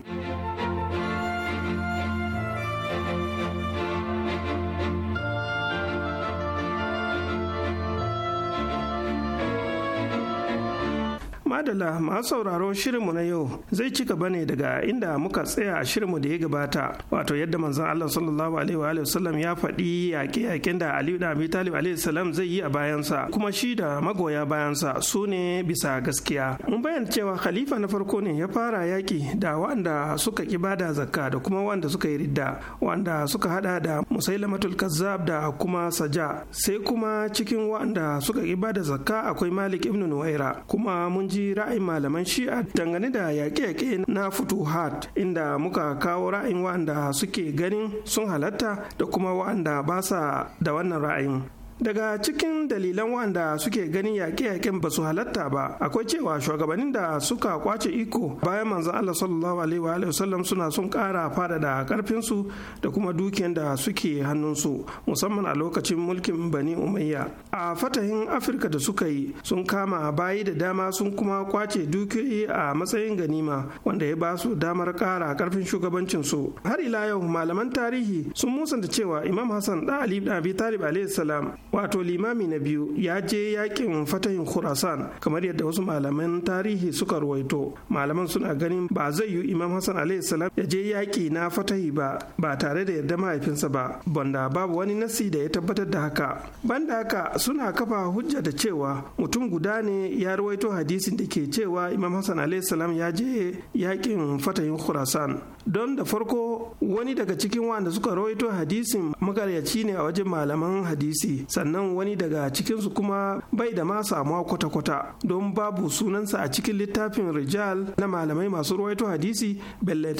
madalla masu sauraro shirinmu na yau zai ci gaba ne daga inda muka tsaya a shirinmu da ya gabata wato yadda manzon Allah sallallahu alaihi wa wasallam ya faɗi yaƙe-yaƙen da Ali da Abi Talib alaihi salam zai yi a bayansa kuma shi da magoya bayansa su ne bisa gaskiya mun bayyana cewa khalifa na farko ne ya fara yaƙi da wanda suka ki bada zakka da kuma wanda suka yi ridda wanda suka hada da Musailamatul Kazzab da kuma Saja sai kuma cikin wanda suka ki bada zakka akwai Malik ibn Nuwaira kuma mun ji ra'ayin malaman shi'a dangane da yaƙe-yaƙe na futuhat inda muka kawo ra'ayin wa'anda suke ganin sun halatta da kuma wa'anda ba sa da wannan ra'ayin daga cikin dalilan wanda suke ganin yaƙe-yaƙen ba su halatta ba akwai cewa shugabannin da suka kwace iko bayan manzon Allah sallallahu alaihi wa wasallam suna sun ƙara faɗaɗa ƙarfinsu da kuma dukiyan da suke hannun su musamman a lokacin mulkin Bani Umayya a fatahin Afirka da suka yi sun kama bayi da dama sun kuma kwace dukiyoyi a matsayin ganima wanda ya ba su damar ƙara ƙarfin su har ila yau malaman tarihi sun musanta cewa Imam Hassan da Ali Abi Talib alaihi salam wato limami na biyu ya je yakin fatahin khurasan kamar yadda wasu malaman tarihi suka ruwaito malaman suna ganin ba zai yi imam hassan alayhi salam ya je yaki na fatahi ba ba tare da yarda mahaifinsa ba banda babu wani nasi da ya tabbatar da haka banda haka suna kafa hujja da cewa mutum guda ne ya ruwaito hadisin da ke cewa imam hassan alayhi salam ya je yakin fatahin khurasan don da farko wani daga cikin wanda suka ruwaito hadisin magaryaci ne a wajen malaman hadisi sannan wani daga cikinsu kuma bai da ma samuwa kwata-kwata don babu sunansa a cikin littafin rijal na malamai masu ruwaito hadisi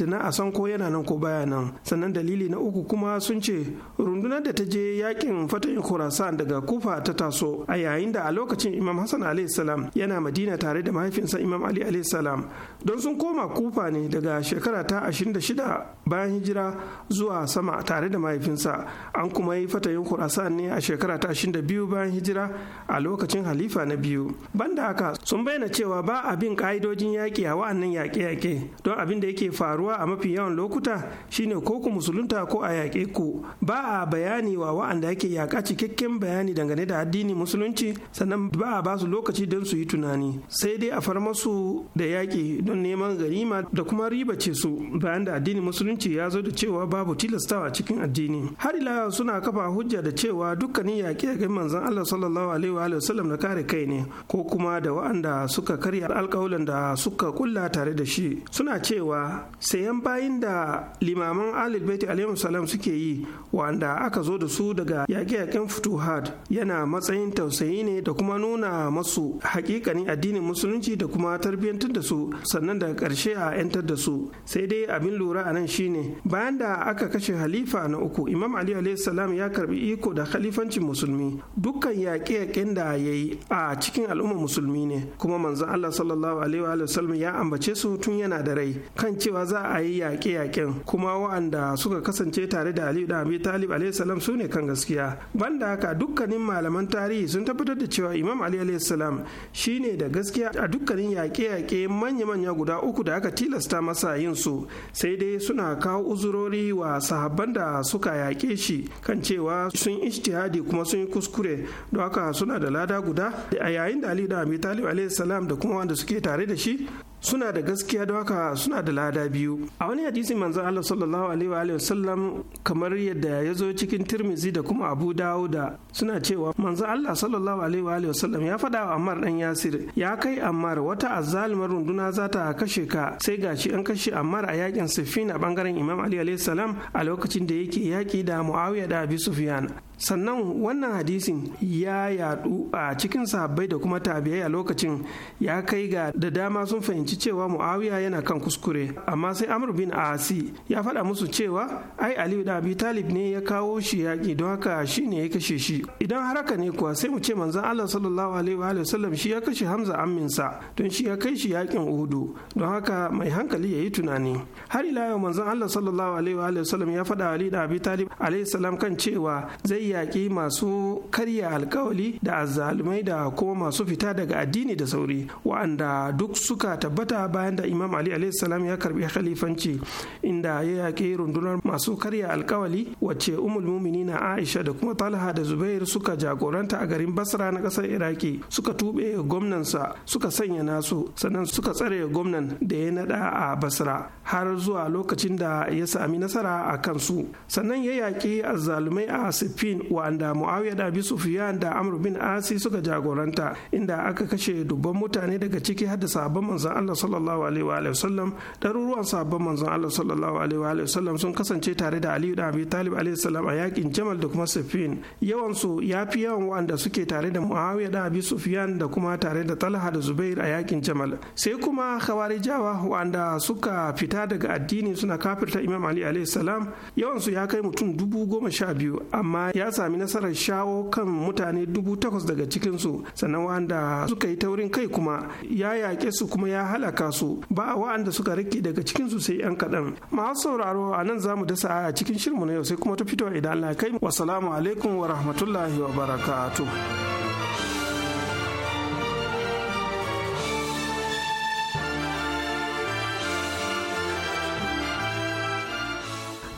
na a san ko yana nan ko baya nan sannan dalili na uku kuma sun ce rundunar da ta je yakin fatan khurasan daga kufa ta taso a yayin da a lokacin imam hassan alayhi salam yana madina tare da mahaifinsa imam ali alayhi salam don sun koma kufa ne daga shekara ta 26 bayan hijira zuwa sama tare da mahaifinsa an kuma yi fatahin khurasan ne a shekara ta 22 bayan hijira a lokacin halifa na biyu banda haka sun bayyana cewa ba abin ka'idojin yaƙi a wa'annan yaƙe-yaƙe don abin da yake faruwa a mafi yawan lokuta shine ko ku musulunta ko a yaƙe ku ba a bayani wa wa'anda yake yaƙa cikakken bayani dangane da addini musulunci sannan ba a basu lokaci don su yi tunani sai dai a far masu da yaƙi don neman ganima da kuma riba ce su bayan da addini musulunci ya zo da cewa babu tilastawa cikin addini har ila suna kafa hujja da cewa dukkanin yaƙi. kai manzon Allah sallallahu alaihi wa sallam na kare kai ne ko kuma da wa'anda suka karya alƙawulan da suka kulla tare da shi suna cewa sayan bayin da limaman Ahlul Bait alaihi salam suke yi Wanda aka zo da su daga yaƙe-yaƙen futuhat yana matsayin tausayi ne da kuma nuna masu hakikanin addinin musulunci da kuma tarbiyyantar da su sannan da ƙarshe a 'yantar da su sai dai abin lura a nan shine bayan da aka kashe halifa na uku imam ali alaihi salam ya karbi iko da khalifancin musulunci musulmi dukkan yaƙe-yaƙen da ya yi a cikin al'ummar musulmi ne kuma manzon Allah sallallahu alaihi wa sallam ya ambace su tun yana da rai kan cewa za a yi yaƙe-yaƙen kuma wa'anda suka kasance tare da Aliyu da Abi Talib alaihi salam su ne kan gaskiya banda haka dukkanin malaman tarihi sun tabbatar da cewa Imam Ali alaihi salam shine da gaskiya a dukkanin yaƙe-yaƙe manya-manya guda uku da aka tilasta masa yin su sai dai suna kawo uzurori wa sahabban da suka yaƙe shi kan cewa sun ijtihadi kuma sun yi kuskure don haka suna da lada guda a yayin da ali da abi talib alaihi salam da kuma wanda suke tare da shi suna da gaskiya da haka suna da lada biyu a wani hadisi manzo Allah sallallahu alaihi wa sallam kamar yadda ya zo cikin Tirmizi da kuma Abu Dawuda suna cewa manzo Allah sallallahu alaihi wa sallam ya faɗa wa Ammar dan Yasir ya kai Ammar wata azzalimar runduna za ta kashe ka sai gashi an kashe Ammar a yakin Siffin a bangaren Imam Ali alaihi salam a lokacin da yake yaki da Muawiya da Abi Sufyan sannan wannan hadisin ya yadu a cikin sahabbai da kuma tabi'ai a lokacin ya kai ga da dama sun fahimci fahimci cewa muawiya yana kan kuskure amma sai amr bin asi ya faɗa musu cewa ai aliyu da abi talib ne ya kawo shi yaƙi don haka shi ne ya kashe shi idan har haka ne kuwa sai mu ce manzon allah sallallahu alaihi wa sallam shi ya kashe hamza amminsa don shi ya kai shi yaƙin uhudu don haka mai hankali ya yi tunani har ila yau manzon allah sallallahu alaihi wa sallam ya faɗa ali da abi talib alaihi salam kan cewa zai yaƙi masu karya alkawali da azzalumai da kuma masu fita daga addini da sauri wa'anda duk suka tabbata tabbata bayan da imam ali salam ya karbi khalifanci inda ya yaƙi rundunar masu karya alkawali wacce umul na aisha da kuma talha da zubair suka jagoranta a garin basra na ƙasar iraki suka tuɓe gwamnansa suka sanya nasu sannan suka tsare gwamnan da ya naɗa a basra har zuwa lokacin da ya sami nasara a kansu sannan ya yaƙi azzalumai a sifin wa'anda muawiya da sufiyan da amr bin asi suka jagoranta inda aka kashe dubban mutane daga ciki har da sabon manzon allah Allah sallallahu alaihi wa wasallam daruruwan sahabban manzon Allah sallallahu alaihi wa wasallam sun kasance tare da Aliyu da Abi Talib alaihi salam a yakin Jamal da kuma Siffin yawan su yafi yawan wanda suke tare da Muawiya da Abi Sufyan da kuma tare da Talha da Zubair a yakin Jamal sai kuma Khawarijawa wanda suka fita daga addini suna kafirta Imam Ali alaihi salam yawan su ya kai mutum dubu goma sha biyu amma ya sami nasarar shawo kan mutane dubu takwas daga cikinsu sannan wanda suka yi taurin kai kuma ya yaƙe su kuma ya hal halaka su ba wa'anda suka rike daga cikin su sai yan kaɗan masu sauraro a nan zamu dasa a cikin shirmu na yau sai kuma ta fito idan Allah kai salamu alaikum wa rahmatullahi wa barakatuh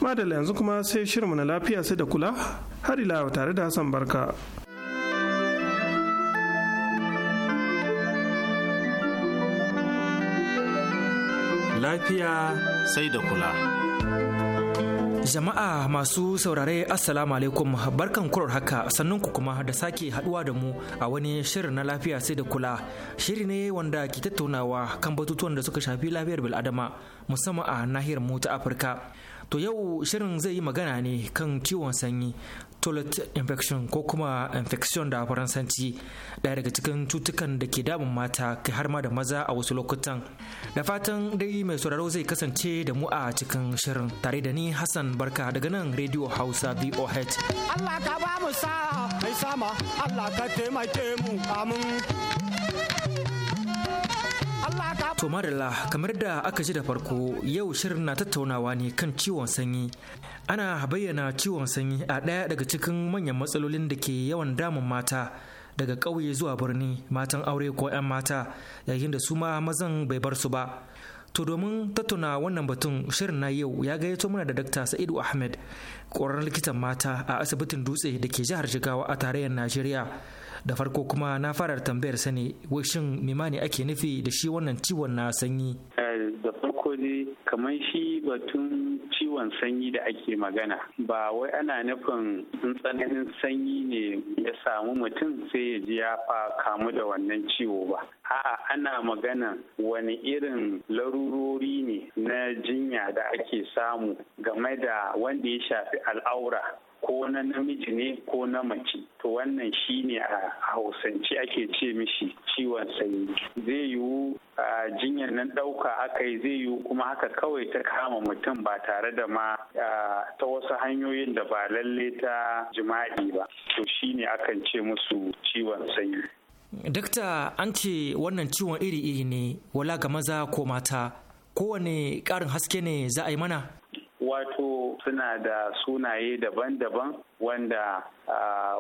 madalla yanzu kuma sai shirmu na lafiya sai da kula har ila tare da hassan barka lafiya sai da kula. Jama'a masu saurare Assalamu alaikum barkan kurar haka sannan ku kuma da sake haduwa da mu a wani shirin na lafiya sai da kula. Shiri ne wanda ke tattaunawa kan batutuwan da suka shafi lafiyar bil'adama musamman a nahiyar mu ta Afirka. To yau shirin zai yi magana ne kan ciwon sanyi toilet infection ko kuma infection da faransanci daya daga cikin cutukan da ke damun mata kai har ma da maza a wasu lokutan da fatan dai mai sauraro zai kasance da mu a cikin shirin tare da ni hassan barka daga nan radio hausa voh allah ka ba mu sa mai sama allah ka taimake mu amin To Marilla, kamar da aka ji da farko yau shirin na tattaunawa ne kan ciwon sanyi. Ana bayyana ciwon sanyi a ɗaya daga cikin manyan matsalolin da ke yawan damun mata daga ƙauye zuwa birni matan aure ko 'yan mata yayin da su ma mazan bai bar su ba. To domin tattauna wannan batun shirin na yau ya gayyato mana da Dr. Sa'idu Ahmed, ƙwararren likitan mata a asibitin dutse da ke jihar Jigawa a tarayyar Najeriya. Da farko kuma na fara tambayar sani wai shin mimani ake nufi da shi wannan ciwon na sanyi? Eh, farko dai kamar shi batun ciwon sanyi da ake magana ba wai ana nufin tsananin sanyi ne ya samu mutum sai ya ji ya fa kamu da wannan ciwo ba a'a ana magana wani irin larurori ne na jinya da ake samu game da wanda ya shafi al'aura ko na namiji ne ko na mace to wannan shine a hausance ake ce mishi ciwon sanyi zai yiwu a jinyar nan ɗauka aka yi zai yiwu kuma haka kawai ta kama mutum ba tare da ma ta wasu hanyoyin da ba lalle ta jima'i ba to shine akan ce musu ciwon sanyi dakta an ce wannan ciwon iri-iri ne wala ga maza ko mata kowane ƙarin haske ne za a yi mana wato suna da sunaye daban-daban wanda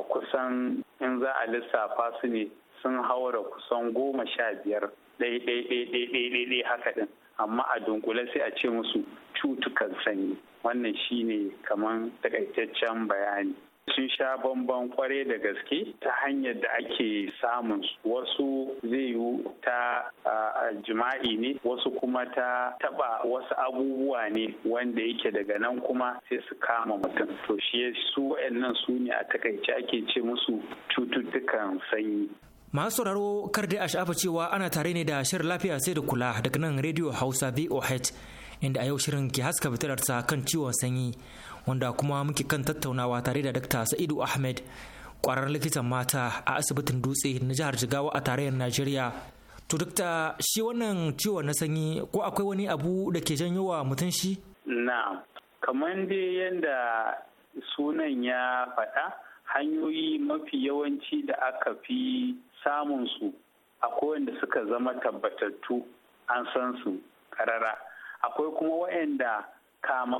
kusan in za a lissafa su ne sun haura kusan goma sha biyar ɗaiɗaiɗaiɗaiɗaiɗai haka ɗin amma a dunkule sai a ce musu cutukan sanyi wannan shine kamar takaitaccen bayani sun sha bamban kware da gaske ta hanyar da ake samun wasu zai yi ta jima'i ne wasu kuma ta taba wasu abubuwa ne wanda yake daga nan kuma sai su kama mutum to shi su nan su ne a takaice ake ce musu cututtukan sanyi masu sauraro kar dai a sha'afa cewa ana tare ne da shirin lafiya sai da kula daga nan rediyo hausa voh inda a yau shirin ke haska fitilarsa kan ciwon sanyi wanda kuma muke kan tattaunawa tare da Dr. Sa'idu Ahmed kwarar likitan mata a asibitin dutse na jihar Jigawa a tarayyar Najeriya. To Dr. shi wannan ciwo na sanyi ko akwai wani abu da ke janyo wa mutum shi? Na, kamar dai yadda sunan ya faɗa hanyoyi mafi yawanci da aka fi samun su akwai wanda suka zama tabbatattu an san su karara akwai kuma waɗanda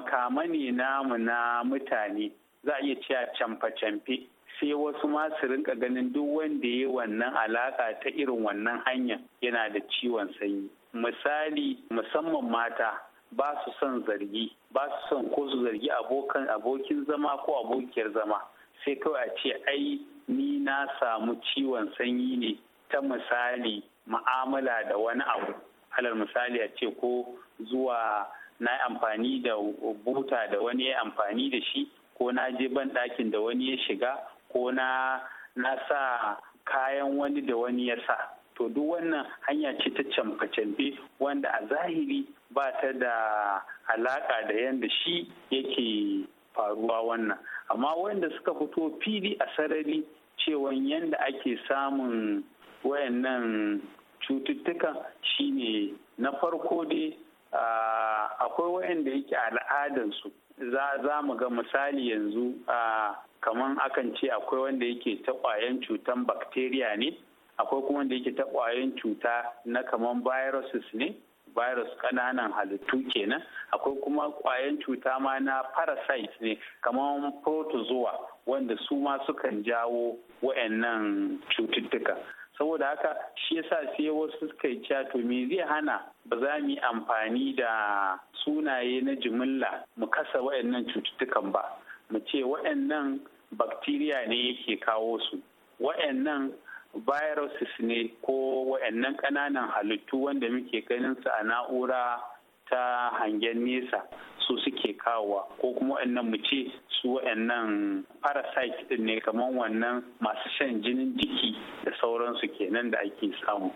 kama ne namu na mutane za a iya cewa camfe-camfe sai wasu ma su rinka ganin duk wanda ya wannan alaka ta irin wannan hanya yana da ciwon sanyi misali musamman mata ba su son zargi ba su son ko su zargi abokin zama ko abokiyar zama sai kawai a ce ai ni na samu ciwon sanyi ne ta misali ma'amala da wani abu alal misali a ce ko zuwa na amfani da buta da wani ya amfani da shi ko na je ban ɗakin da wani ya shiga ko na sa kayan wani da wani ya sa to duk wannan hanya ce ta camfe-camfe wanda a zahiri ba ta da alaƙa da yadda shi yake faruwa wannan amma wanda suka fito fili a sarari cewan yadda ake samun wayannan cututtukan shine na farko dai Ah, akwai wa'anda yake al'adansu za mu ga misali yanzu ah, kamar akan ce akwai wanda yake ta kwayan cutan bakteriya ne akwai kuma wanda yake ta kwayan cuta na kaman viruses ne virus kananan halittu kenan akwai kuma kwayan cuta ma na parasite ne kaman protozoa wanda su ma sukan jawo wa'annan cututtuka saboda haka shi yasa sai wasu suka yi to me zai hana ba za mu yi amfani da sunaye na jimilla mu kasa waɗannan cututtukan ba mu ce wa'annan bakteriya ne yake kawo su waɗannan viruses ne ko waɗannan ƙananan halittu wanda muke ganin su a na'ura ta hangen nesa su suke kawowa ko kuma wa'annan mu ce su wa'annan parasite din ne kamar wannan masu shan jinin jiki da sauransu kenan da ake samu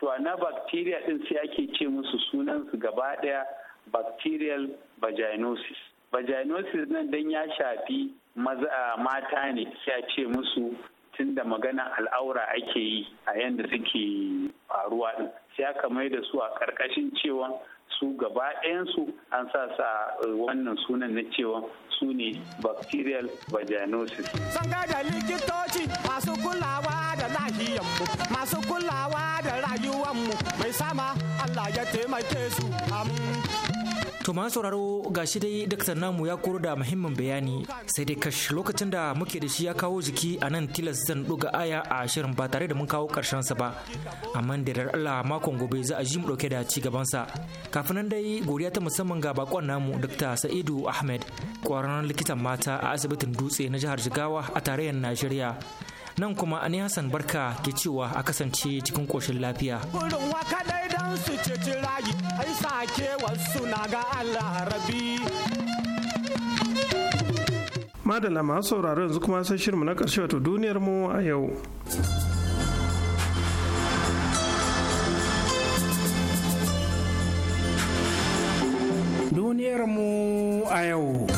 to na bacteria din sai ake ce musu sunansu gaba daya bacterial vaginosis vaginosis nan dan ya shafi maza mata ne sai a ce musu tunda magana al'aura ake yi a yanda suke faruwa din sai aka mai da su a karkashin cewa su gaba ɗayansu an sa sa eh, wannan sunan na cewa su ne bacterial vaginosis. Sun da likitoci masu kulawa da lahiyanmu, masu kulawa da rayuwanmu mai sama Allah ya taimake su. To masu sauraro ga shi dai daktar namu ya koro da muhimmin bayani sai dai kash lokacin da muke da shi ya kawo jiki a nan tilas zan ɗuga aya a shirin ba tare da mun kawo ƙarshen sa ba. Amma da Allah makon gobe za a ji mu ɗauke da ci gaban sa. Kafin nan dai godiya ta musamman ga bakon namu Dr. Sa'idu Ahmed ƙwararren likitan mata a asibitin Dutse na jihar Jigawa a tarayyar Najeriya. nan kuma an yi hassan barka ke cewa a kasance cikin koshin lafiya kurin waka dai dan su ceci rayu ai sake wasu na ga allah rabi masu sauraro yanzu kuma sai shirinmu na ƙarshe wato duniyar mu a yau duniyar mu a yau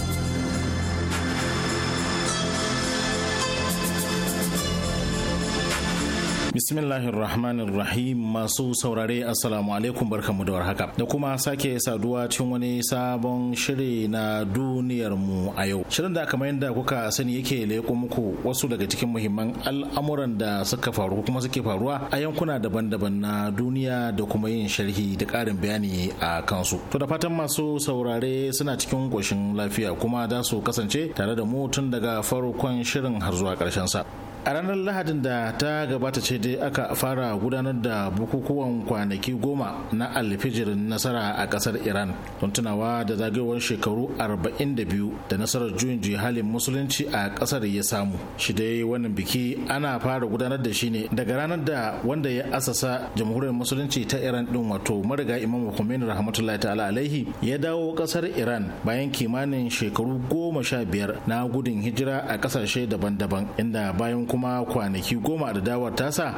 bismillahirrahmanirrahim Rahmanir Rahim masu saurare Assalamu alaikum barkamu da warhaka da kuma sake saduwa cikin wani sabon shiri na duniyar mu a yau. Shirin da kamar yadda kuka sani yake leko muku wasu daga cikin muhimman al'amuran da suka faru kuma suke faruwa a yankuna daban-daban na duniya da kuma yin sharhi da karin bayani a kansu. To da fatan masu saurare suna cikin ƙoshin lafiya kuma da su kasance tare da mu tun daga farkon shirin har zuwa ƙarshen sa. a ranar lahadin da ta gabata ce dai aka fara gudanar da bukukuwan kwanaki goma na alfijirin nasara a kasar iran don tunawa da zagayowar shekaru 42 da nasarar juyin jihalin musulunci a kasar ya samu shi dai wannan biki ana fara gudanar da shi ne daga ranar da wanda ya asasa jamhuriyar musulunci ta iran din wato mariga imam khomeini rahmatullahi ta'ala alaihi ya dawo kasar iran bayan kimanin shekaru goma sha biyar na gudun hijira a kasashe daban-daban inda bayan kuma kwanaki goma da dawar tasa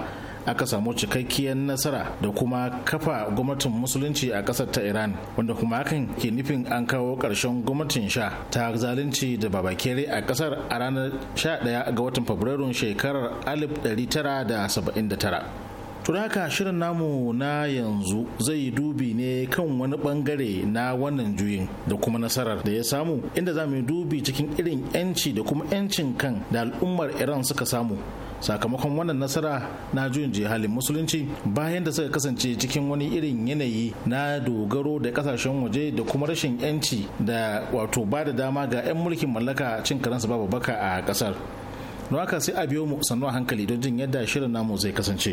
aka samu cikakkiyar nasara da kuma kafa gwamnatin musulunci a ƙasar ta iran wanda kuma hakan ke nufin an kawo ƙarshen gwamnatin sha ta zalunci da babakere a ƙasar a ranar 11 ga watan fabrairun shekarar 1979 turaka shirin namu na yanzu zai dubi ne kan wani bangare na wannan juyin da kuma nasarar da ya samu inda za mu yi dubi cikin irin 'yanci da kuma 'yancin kan da al'ummar iran suka samu sakamakon wannan nasara na juyin jihalin musulunci bayan da suka kasance cikin wani irin yanayi na dogaro da kasashen waje da kuma rashin yanci da wato ba da dama ga 'yan mulkin mallaka cin karansu babu baka a kasar don haka sai a biyo mu sannu a hankali don jin yadda shirin namu zai kasance.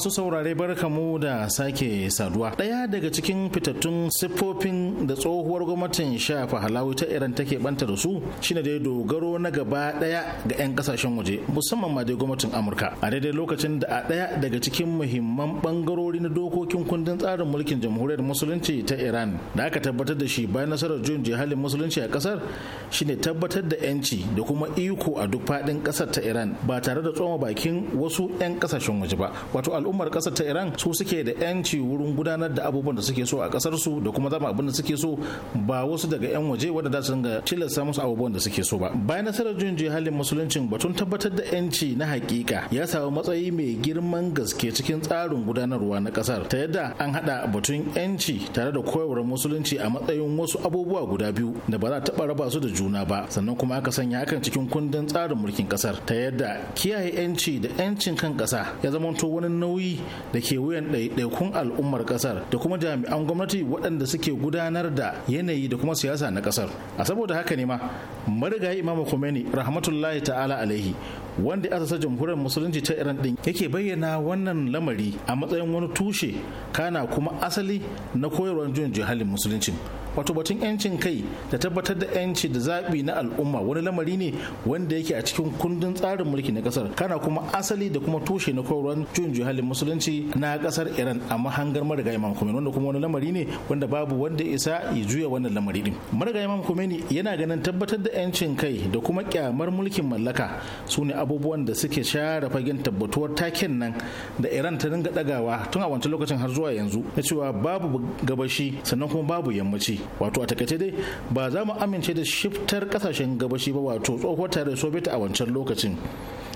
masu saurare barkamu da sake saduwa. daya daga cikin fitattun siffofin da tsohuwar gwamnatin shafa halawi ta Iran take banta da su shine dai dogaro na gaba daya ga 'yan kasashen waje musamman ma dai gwamnatin Amurka. A daidai lokacin da a daya daga cikin muhimman bangarori na dokokin kundin tsarin mulkin jamhuriyar musulunci ta Iran da aka tabbatar da shi bayan nasarar juyin jihalin musulunci a kasar shine tabbatar da 'yanci da kuma iko a duk faɗin ƙasar ta Iran ba tare da tsoma bakin wasu 'yan kasashen waje ba wato al'ummar kasar ta iran su suke da yanci wurin gudanar da abubuwan da suke so a kasar su da kuma zama abin da suke so ba wasu daga yan waje wadda za su dinga tilasta musu abubuwan da suke so ba bayan nasarar jin halin musuluncin batun tabbatar da yanci na hakika ya samu matsayi mai girman gaske cikin tsarin gudanarwa na kasar ta yadda an hada batun yanci tare da koyarwar musulunci a matsayin wasu abubuwa guda biyu da ba za ta taba raba su da juna ba sannan kuma aka sanya hakan cikin kundin tsarin mulkin kasar ta yadda kiyaye yanci da yancin kan kasa ya zamanto wani nauyi da ke wuyan ɗaiɗaikun al'ummar ƙasar da kuma jami'an gwamnati waɗanda suke gudanar da yanayi da kuma siyasa na ƙasar a saboda haka ne ma marigayi imamu khomeini rahmatullahi ta'ala alaihi wanda ya asasa jamhuriyar musulunci ta iran din yake bayyana wannan lamari a matsayin wani tushe kana kuma asali na koyarwar juyin jihalin musulunci wato batun yancin kai da tabbatar da yanci da zaɓi na al'umma wani lamari ne wanda yake a cikin kundin tsarin mulki na kasar kana kuma asali da kuma tushe na koyarwar juyin jihalin musulunci na kasar iran a mahangar marigayi imam wanda kuma wani lamari ne wanda babu wanda isa ya juya wannan lamari din marigayi imam yana ganin tabbatar da yancin kai da kuma kyamar mulkin mallaka su ne abubuwan da suke share fagen tabbatuwar taken nan da iran ta dinga dagawa tun a wancan lokacin har zuwa yanzu na cewa babu gabashi sannan kuma babu yammaci wato a takaice dai ba za mu amince da shiftar kasashen gabashi ba wato tsohuwar tare soviet a wancan lokacin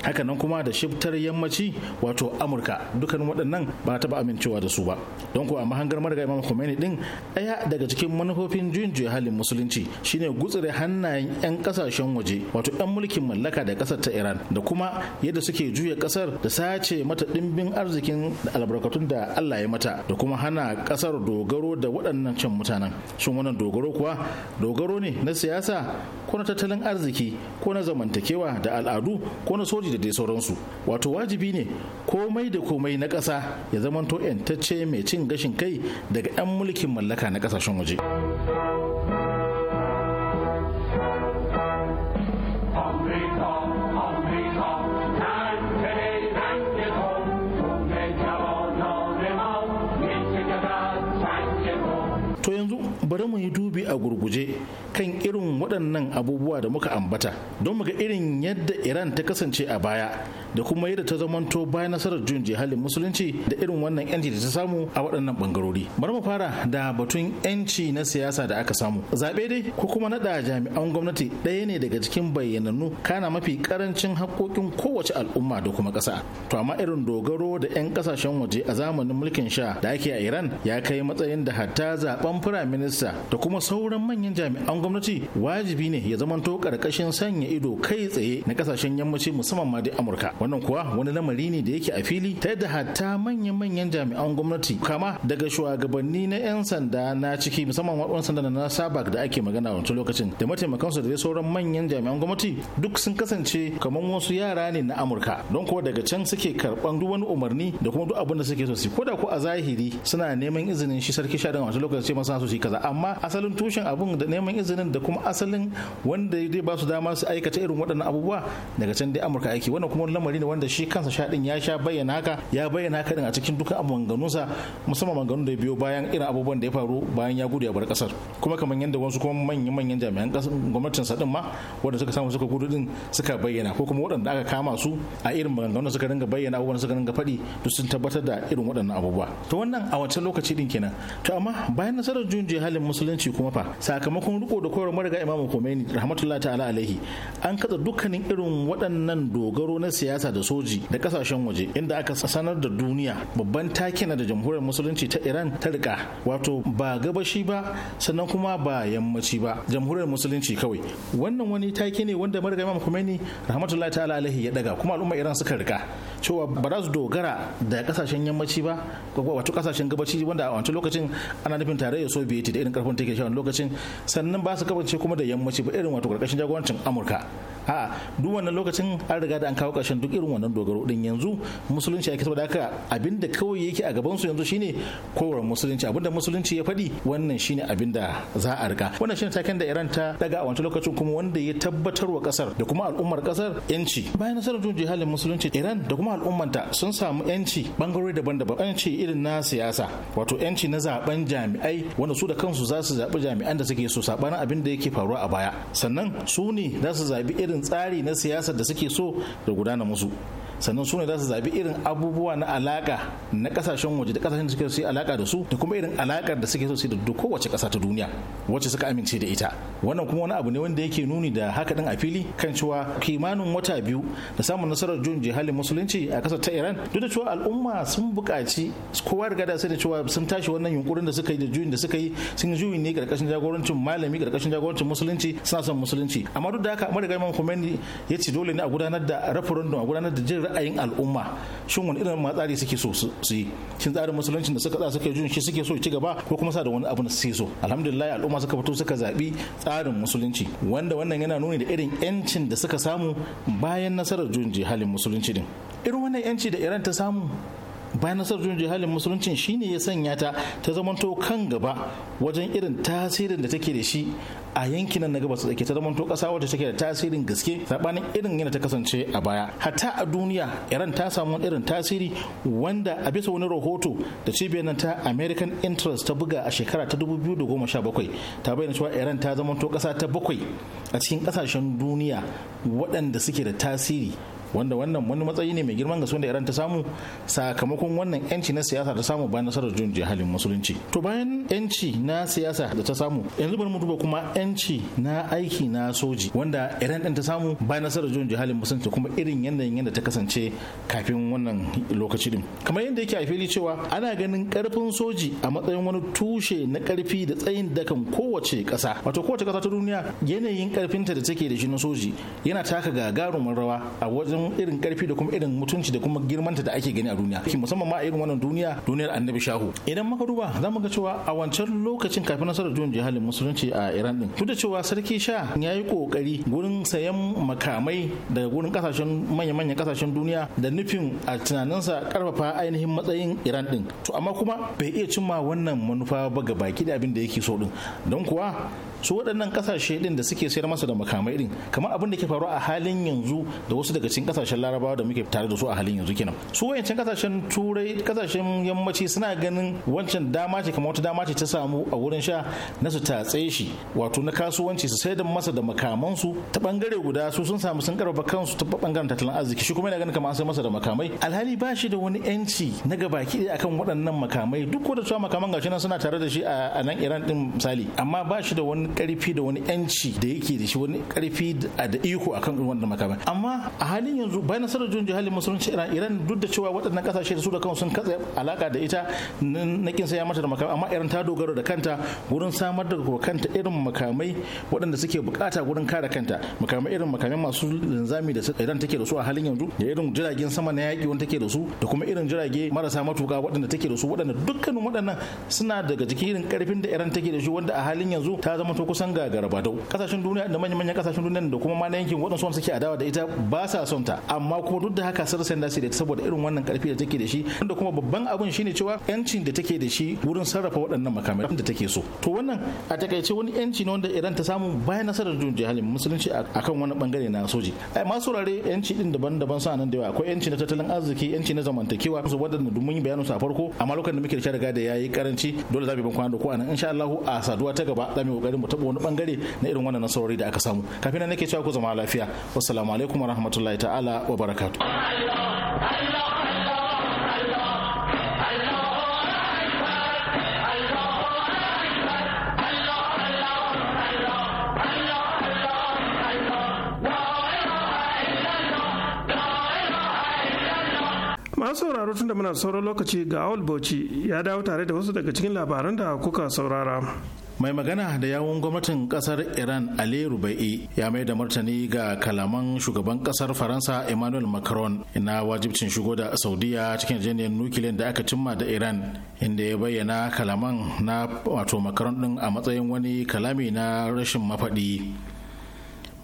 hakanan kuma da shiftar yammaci wato amurka dukan waɗannan ba taɓa amincewa da su ba don kuwa mahangar marga imam khomeini din ɗaya daga cikin manufofin juyin juya halin musulunci shine gutsire hannayen 'yan kasashen waje wato 'yan mulkin mallaka da ƙasar ta iran da kuma yadda suke juya ƙasar da sace mata ɗimbin arzikin albarkatun da allah ya mata da kuma hana ƙasar dogaro da waɗannan can mutanen shin wannan dogaro kuwa dogaro ne na siyasa ko na tattalin arziki ko na zamantakewa da al'adu ko na soji da dai sauransu wato wajibi ne komai da komai na ƙasa ya zamanto 'yantacce mai cin gashin kai daga 'yan mulkin mallaka na ƙasashen waje. To yanzu bari mu yi dubi a gurguje kan irin waɗannan abubuwa da muka ambata don muga irin yadda iran ta kasance a baya da kuma yadda ta zamanto bayan nasarar jun jihalin musulunci da irin wannan yanci da ta samu a waɗannan bangarori bari mu fara da batun yanci na siyasa da aka samu zaɓe dai ko kuma naɗa jami'an gwamnati ɗaya ne daga cikin bayyanannu kana mafi karancin haƙoƙin kowace al'umma da kuma ƙasa to amma irin dogaro da 'yan ƙasashen waje a zamanin mulkin sha da ake a iran ya kai matsayin da hatta zaɓen firaminista da kuma sauran manyan jami'an gwamnati wajibi ne ya zamanto karkashin sanya ido kai tsaye na kasashen yammaci musamman ma dai Amurka wannan kuwa wani lamari ne da yake a fili ta yadda hatta manyan manyan jami'an gwamnati kama daga shugabanni na 'yan sanda na ciki musamman wadon sanda na sabak da ake magana a wancan lokacin da mataimakan su da dai sauran manyan jami'an gwamnati duk sun kasance kamar wasu yara ne na Amurka don kuwa daga can suke karɓan duk wani umarni da kuma duk abin da suke so su ko da ko a zahiri suna neman izinin shi sarki sha a wancan lokacin so su kaza amma asalin tushen abun da neman izinin da kuma asalin wanda zai ba su dama su aikata irin waɗannan abubuwa daga can dai amurka aiki wannan kuma lamari ne wanda shi kansa sha ya sha bayyana haka ya bayyana haka din a cikin dukkan maganganunsa musamman maganganun da ya biyo bayan irin abubuwan da ya faru bayan ya gudu ya bar kasar kuma kamar yadda wasu kuma manyan manyan jami'an gwamnatin sa din ma wanda suka samu suka gudu din suka bayyana ko kuma waɗanda aka kama su a irin maganganun suka dinga bayyana abubuwan suka dinga faɗi duk sun tabbatar da irin waɗannan abubuwa to wannan a wancan lokaci din kenan to amma bayan nasarar juyin halin musulunci kuma kuma fa sakamakon riko da koyarwar mariga imam Khomeini rahmatullahi ta'ala alaihi an katsa dukkanin irin waɗannan dogaro na siyasa da soji da kasashen waje inda aka sanar da duniya babban take na da jamhuriyar musulunci ta Iran ta rika wato ba gabashi ba sannan kuma ba yammaci ba jamhuriyar musulunci kawai wannan wani take ne wanda mariga imam Khomeini rahmatullahi ta'ala alaihi ya daga kuma al'umma Iran suka rika cewa ba za su dogara da kasashen yammaci ba wato kasashen gabaci wanda a wancan lokacin ana nufin tarayyar soviet da irin karfin take shawar lokacin sannan ba su kabance kuma da yammaci ba irin wato karkashin jagorancin amurka a duk wannan lokacin an riga da an kawo karshen duk irin wannan dogaro din yanzu musulunci ake saboda haka abinda kawai yake a gaban su yanzu shine kowar musulunci abinda musulunci ya faɗi wannan shine abinda za a rika wannan shine taken da iran ta daga a wancan lokacin kuma wanda ya tabbatar wa kasar da kuma al'ummar kasar yanci bayan nasarar jihalin musulunci iran da kuma al'ummanta sun samu yanci bangarori daban-daban yanci irin na siyasa wato yanci na zaben jami'ai wanda su da kansu za su zaɓi jami'an da suke so sabanin abin da yake faruwa a baya sannan su ne za su zaɓi irin tsari na siyasa da suke so da gudana musu sannan su ne za su zabi irin abubuwa na alaka na kasashen waje da kasashen da suke su alaka da su da kuma irin alakar da suke so su da duk kowace kasa ta duniya wacce suka amince da ita wannan kuma wani abu ne wanda yake nuni da haka din a fili kan cewa kimanin wata biyu da samun nasarar jun jihalin musulunci a kasar ta Iran duk da cewa al'umma sun buƙaci kowa riga da sai da cewa sun tashi wannan yunkurin da suka yi da juyin da suka yi sun juyin ne karkashin jagorancin malami karkashin jagorancin musulunci suna son musulunci amma duk da haka marigayi Khomeini ya ce dole ne a gudanar da referendum a gudanar da jin ra'ayin al'umma shin wani irin matsari suke so su yi shin tsarin musulunci da suka tsaya suka yi shi suke so ci gaba ko kuma sa da wani abu na suke so alhamdulillah al'umma suka fito suka zaɓi tsarin musulunci wanda wannan yana nuni da irin yancin da suka samu bayan nasarar juyin halin musulunci din irin wannan yanci da iran ta samu bayan nasarar juyin jihalin musuluncin shine ya sanya ta ta zamanto kan gaba wajen irin tasirin da take da shi a yankinan na gabas da ke ta zamanto kasa wadda take da tasirin gaske sabanin irin yana ta kasance a baya hatta a duniya iran ta samu irin tasiri wanda a bisa wani rahoto da cibiyar nan ta american interest ta buga a shekara ta 2017 ta bayyana cewa iran ta zamanto kasa ta bakwai a cikin kasashen duniya waɗanda suke da tasiri wanda wannan wani matsayi ne mai girman gaske da iran ta samu sakamakon wannan yanci na siyasa ta samu bayan nasarar jun halin musulunci to bayan yanci na siyasa da ta samu yanzu bari mu duba kuma yanci na aiki na soji wanda iran din ta samu bayan nasarar jun halin musulunci kuma irin yanayin yadda ta kasance kafin wannan lokaci din kamar yadda yake a fili cewa ana ganin karfin soji a matsayin wani tushe na karfi da tsayin dakan kowace kasa wato kowace kasa ta duniya yanayin karfinta da take da shi na soji yana taka gagarumin rawa a wajen irin karfi da kuma irin mutunci da kuma girmanta da ake gani a duniya musamman ma a irin wannan duniya duniyar annabi shahu idan muka duba za mu ga cewa a wancan lokacin kafin nasarar juyin jihalin musulunci a iran din duk da cewa sarki sha ya yi kokari gurin sayan makamai daga gurin kasashen manya-manyan kasashen duniya da nufin a tunaninsa karfafa ainihin matsayin iran din to amma kuma bai iya cimma wannan manufa ba ga baki da abin da yake so din don kuwa su waɗannan kasashe din da suke sayar masa da makamai din kamar abin da ke faru a halin yanzu da wasu daga cikin kasashen larabawa da muke tare da su a halin yanzu kenan su wayancan kasashen turai kasashen yammaci suna ganin wancan dama ce kamar wata dama ce ta samu a wurin sha na su tatse shi wato na kasuwanci su sayar da masa da makamansu ta bangare guda su sun samu sun karfafa kansu ta bangaren tattalin arziki shi kuma yana ganin kamar an sayar masa da makamai alhali ba shi da wani yanci na gabaki ɗaya akan waɗannan makamai duk da cewa makaman gashi nan suna tare da shi a nan Iran din misali amma ba shi da wani karfi da wani yanci da yake da shi wani karfi da iko akan irin wannan makamai amma a halin yanzu bayan nasarar jin jihalin musulunci iran iran duk da cewa waɗannan kasashe da su da kansu sun katse alaka da ita na kin ya mata da makamai amma iran ta dogara da kanta gurin samar da kanta irin makamai waɗanda suke bukata gurin kare kanta makamai irin makamai masu linzami da iran take da su a halin yanzu da irin jiragen sama na yaƙi wanda take da su da kuma irin jirage marasa matuka waɗanda take da su waɗanda dukkanin waɗannan suna daga cikin irin karfin da iran take da shi wanda a halin yanzu ta zama to kusan ga garabadau kasashen duniya da manyan manyan kasashen duniya da kuma ma na yankin waɗansu wanda suke adawa da ita ba sa son ta amma kuma duk da haka sarsa da da saboda irin wannan karfi da take da shi wanda kuma babban abin shine cewa yancin da take da shi wurin sarrafa waɗannan makamai da take so to wannan a takaice wani yanci ne wanda Iran ta samu bayan nasarar jun jihalin musulunci akan wani bangare na soji ai masu rare yanci din daban-daban sa nan da yawa akwai yanci na tattalin arziki yanci na zamantakewa su wadannan duk mun yi bayanin su a farko amma lokacin da muke da riga da yayi karanci dole za mu yi ban kwana da ku anan insha Allah a saduwa ta gaba za mu yi kokarin mu taɓa wani bangare na irin wannan nasarori da aka samu kafin nan nake cewa ku zama lafiya wassalamu alaikum wa rahmatullahi ta'ala wa barakatu sauraro tun da muna sauran lokaci ga awal bauchi ya dawo tare da wasu daga cikin labaran da kuka saurara. mai magana da yawun gwamnatin kasar iran ali rubai ya mai da martani ga kalaman shugaban kasar faransa emmanuel macron na wajibcin shigo da saudiya cikin janiyar nukiliyar da aka cimma da iran inda ya bayyana kalaman na wato macron din a matsayin wani kalami na rashin mafaɗi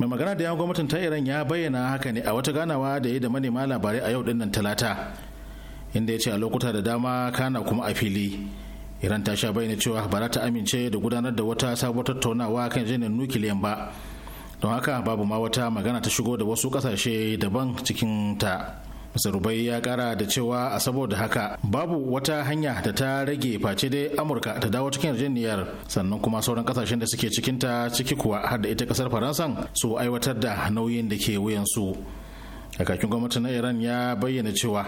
mai magana da yawun gwamnatin ta iran ya bayyana haka ne a wata ganawa da ya da manema labarai a yau talata inda ya ce a lokuta da dama kana kuma a fili iran ta sha bayyana cewa ba za ta amince da gudanar da wata sabuwar tattaunawa kan janin nukiliyan ba don haka babu ma wata magana ta shigo da wasu kasashe daban cikin ta zarubai ya kara da cewa a saboda haka babu wata hanya da ta rage face dai amurka ta dawo cikin yarjejeniyar sannan kuma sauran kasashen da suke cikinta ciki kuwa har da ita kasar faransan su aiwatar da nauyin da ke wuyansu kakakin gwamnati na iran ya bayyana cewa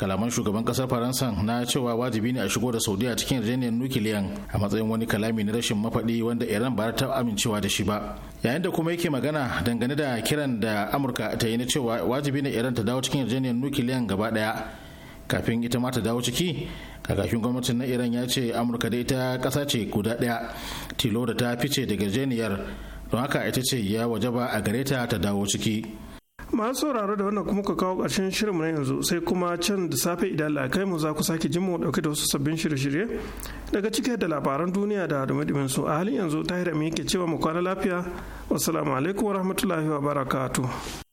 kalaman shugaban kasar faransa na cewa wajibi ne a shigo da saudiya cikin yarjejeniyar nukiliyan a matsayin wani kalami na rashin mafaɗi wanda iran ba ta amincewa da shi ba yayin da kuma yake magana dangane da kiran da amurka ta yi na cewa wajibi ne iran ta dawo cikin yarjejeniyar nukiliya gaba ɗaya kafin ita ma ta dawo ciki kakakin gwamnatin na iran ya ce amurka da ita kasa ce guda ɗaya tilo da ta fice daga yarjejeniyar don haka ita ce ya wajaba a gare ta ta dawo ciki masu sauraro da wannan kuma ka kawo ƙarshen shirinmu na yanzu sai kuma can da safe idan kai mu za ku sake jin mu dauke da wasu sabbin shirye-shirye daga cike da labaran duniya da dumi su a halin yanzu da mu yake cewa mu kwana lafiya wassalamu alaikum warahmatullahi wabarakatuh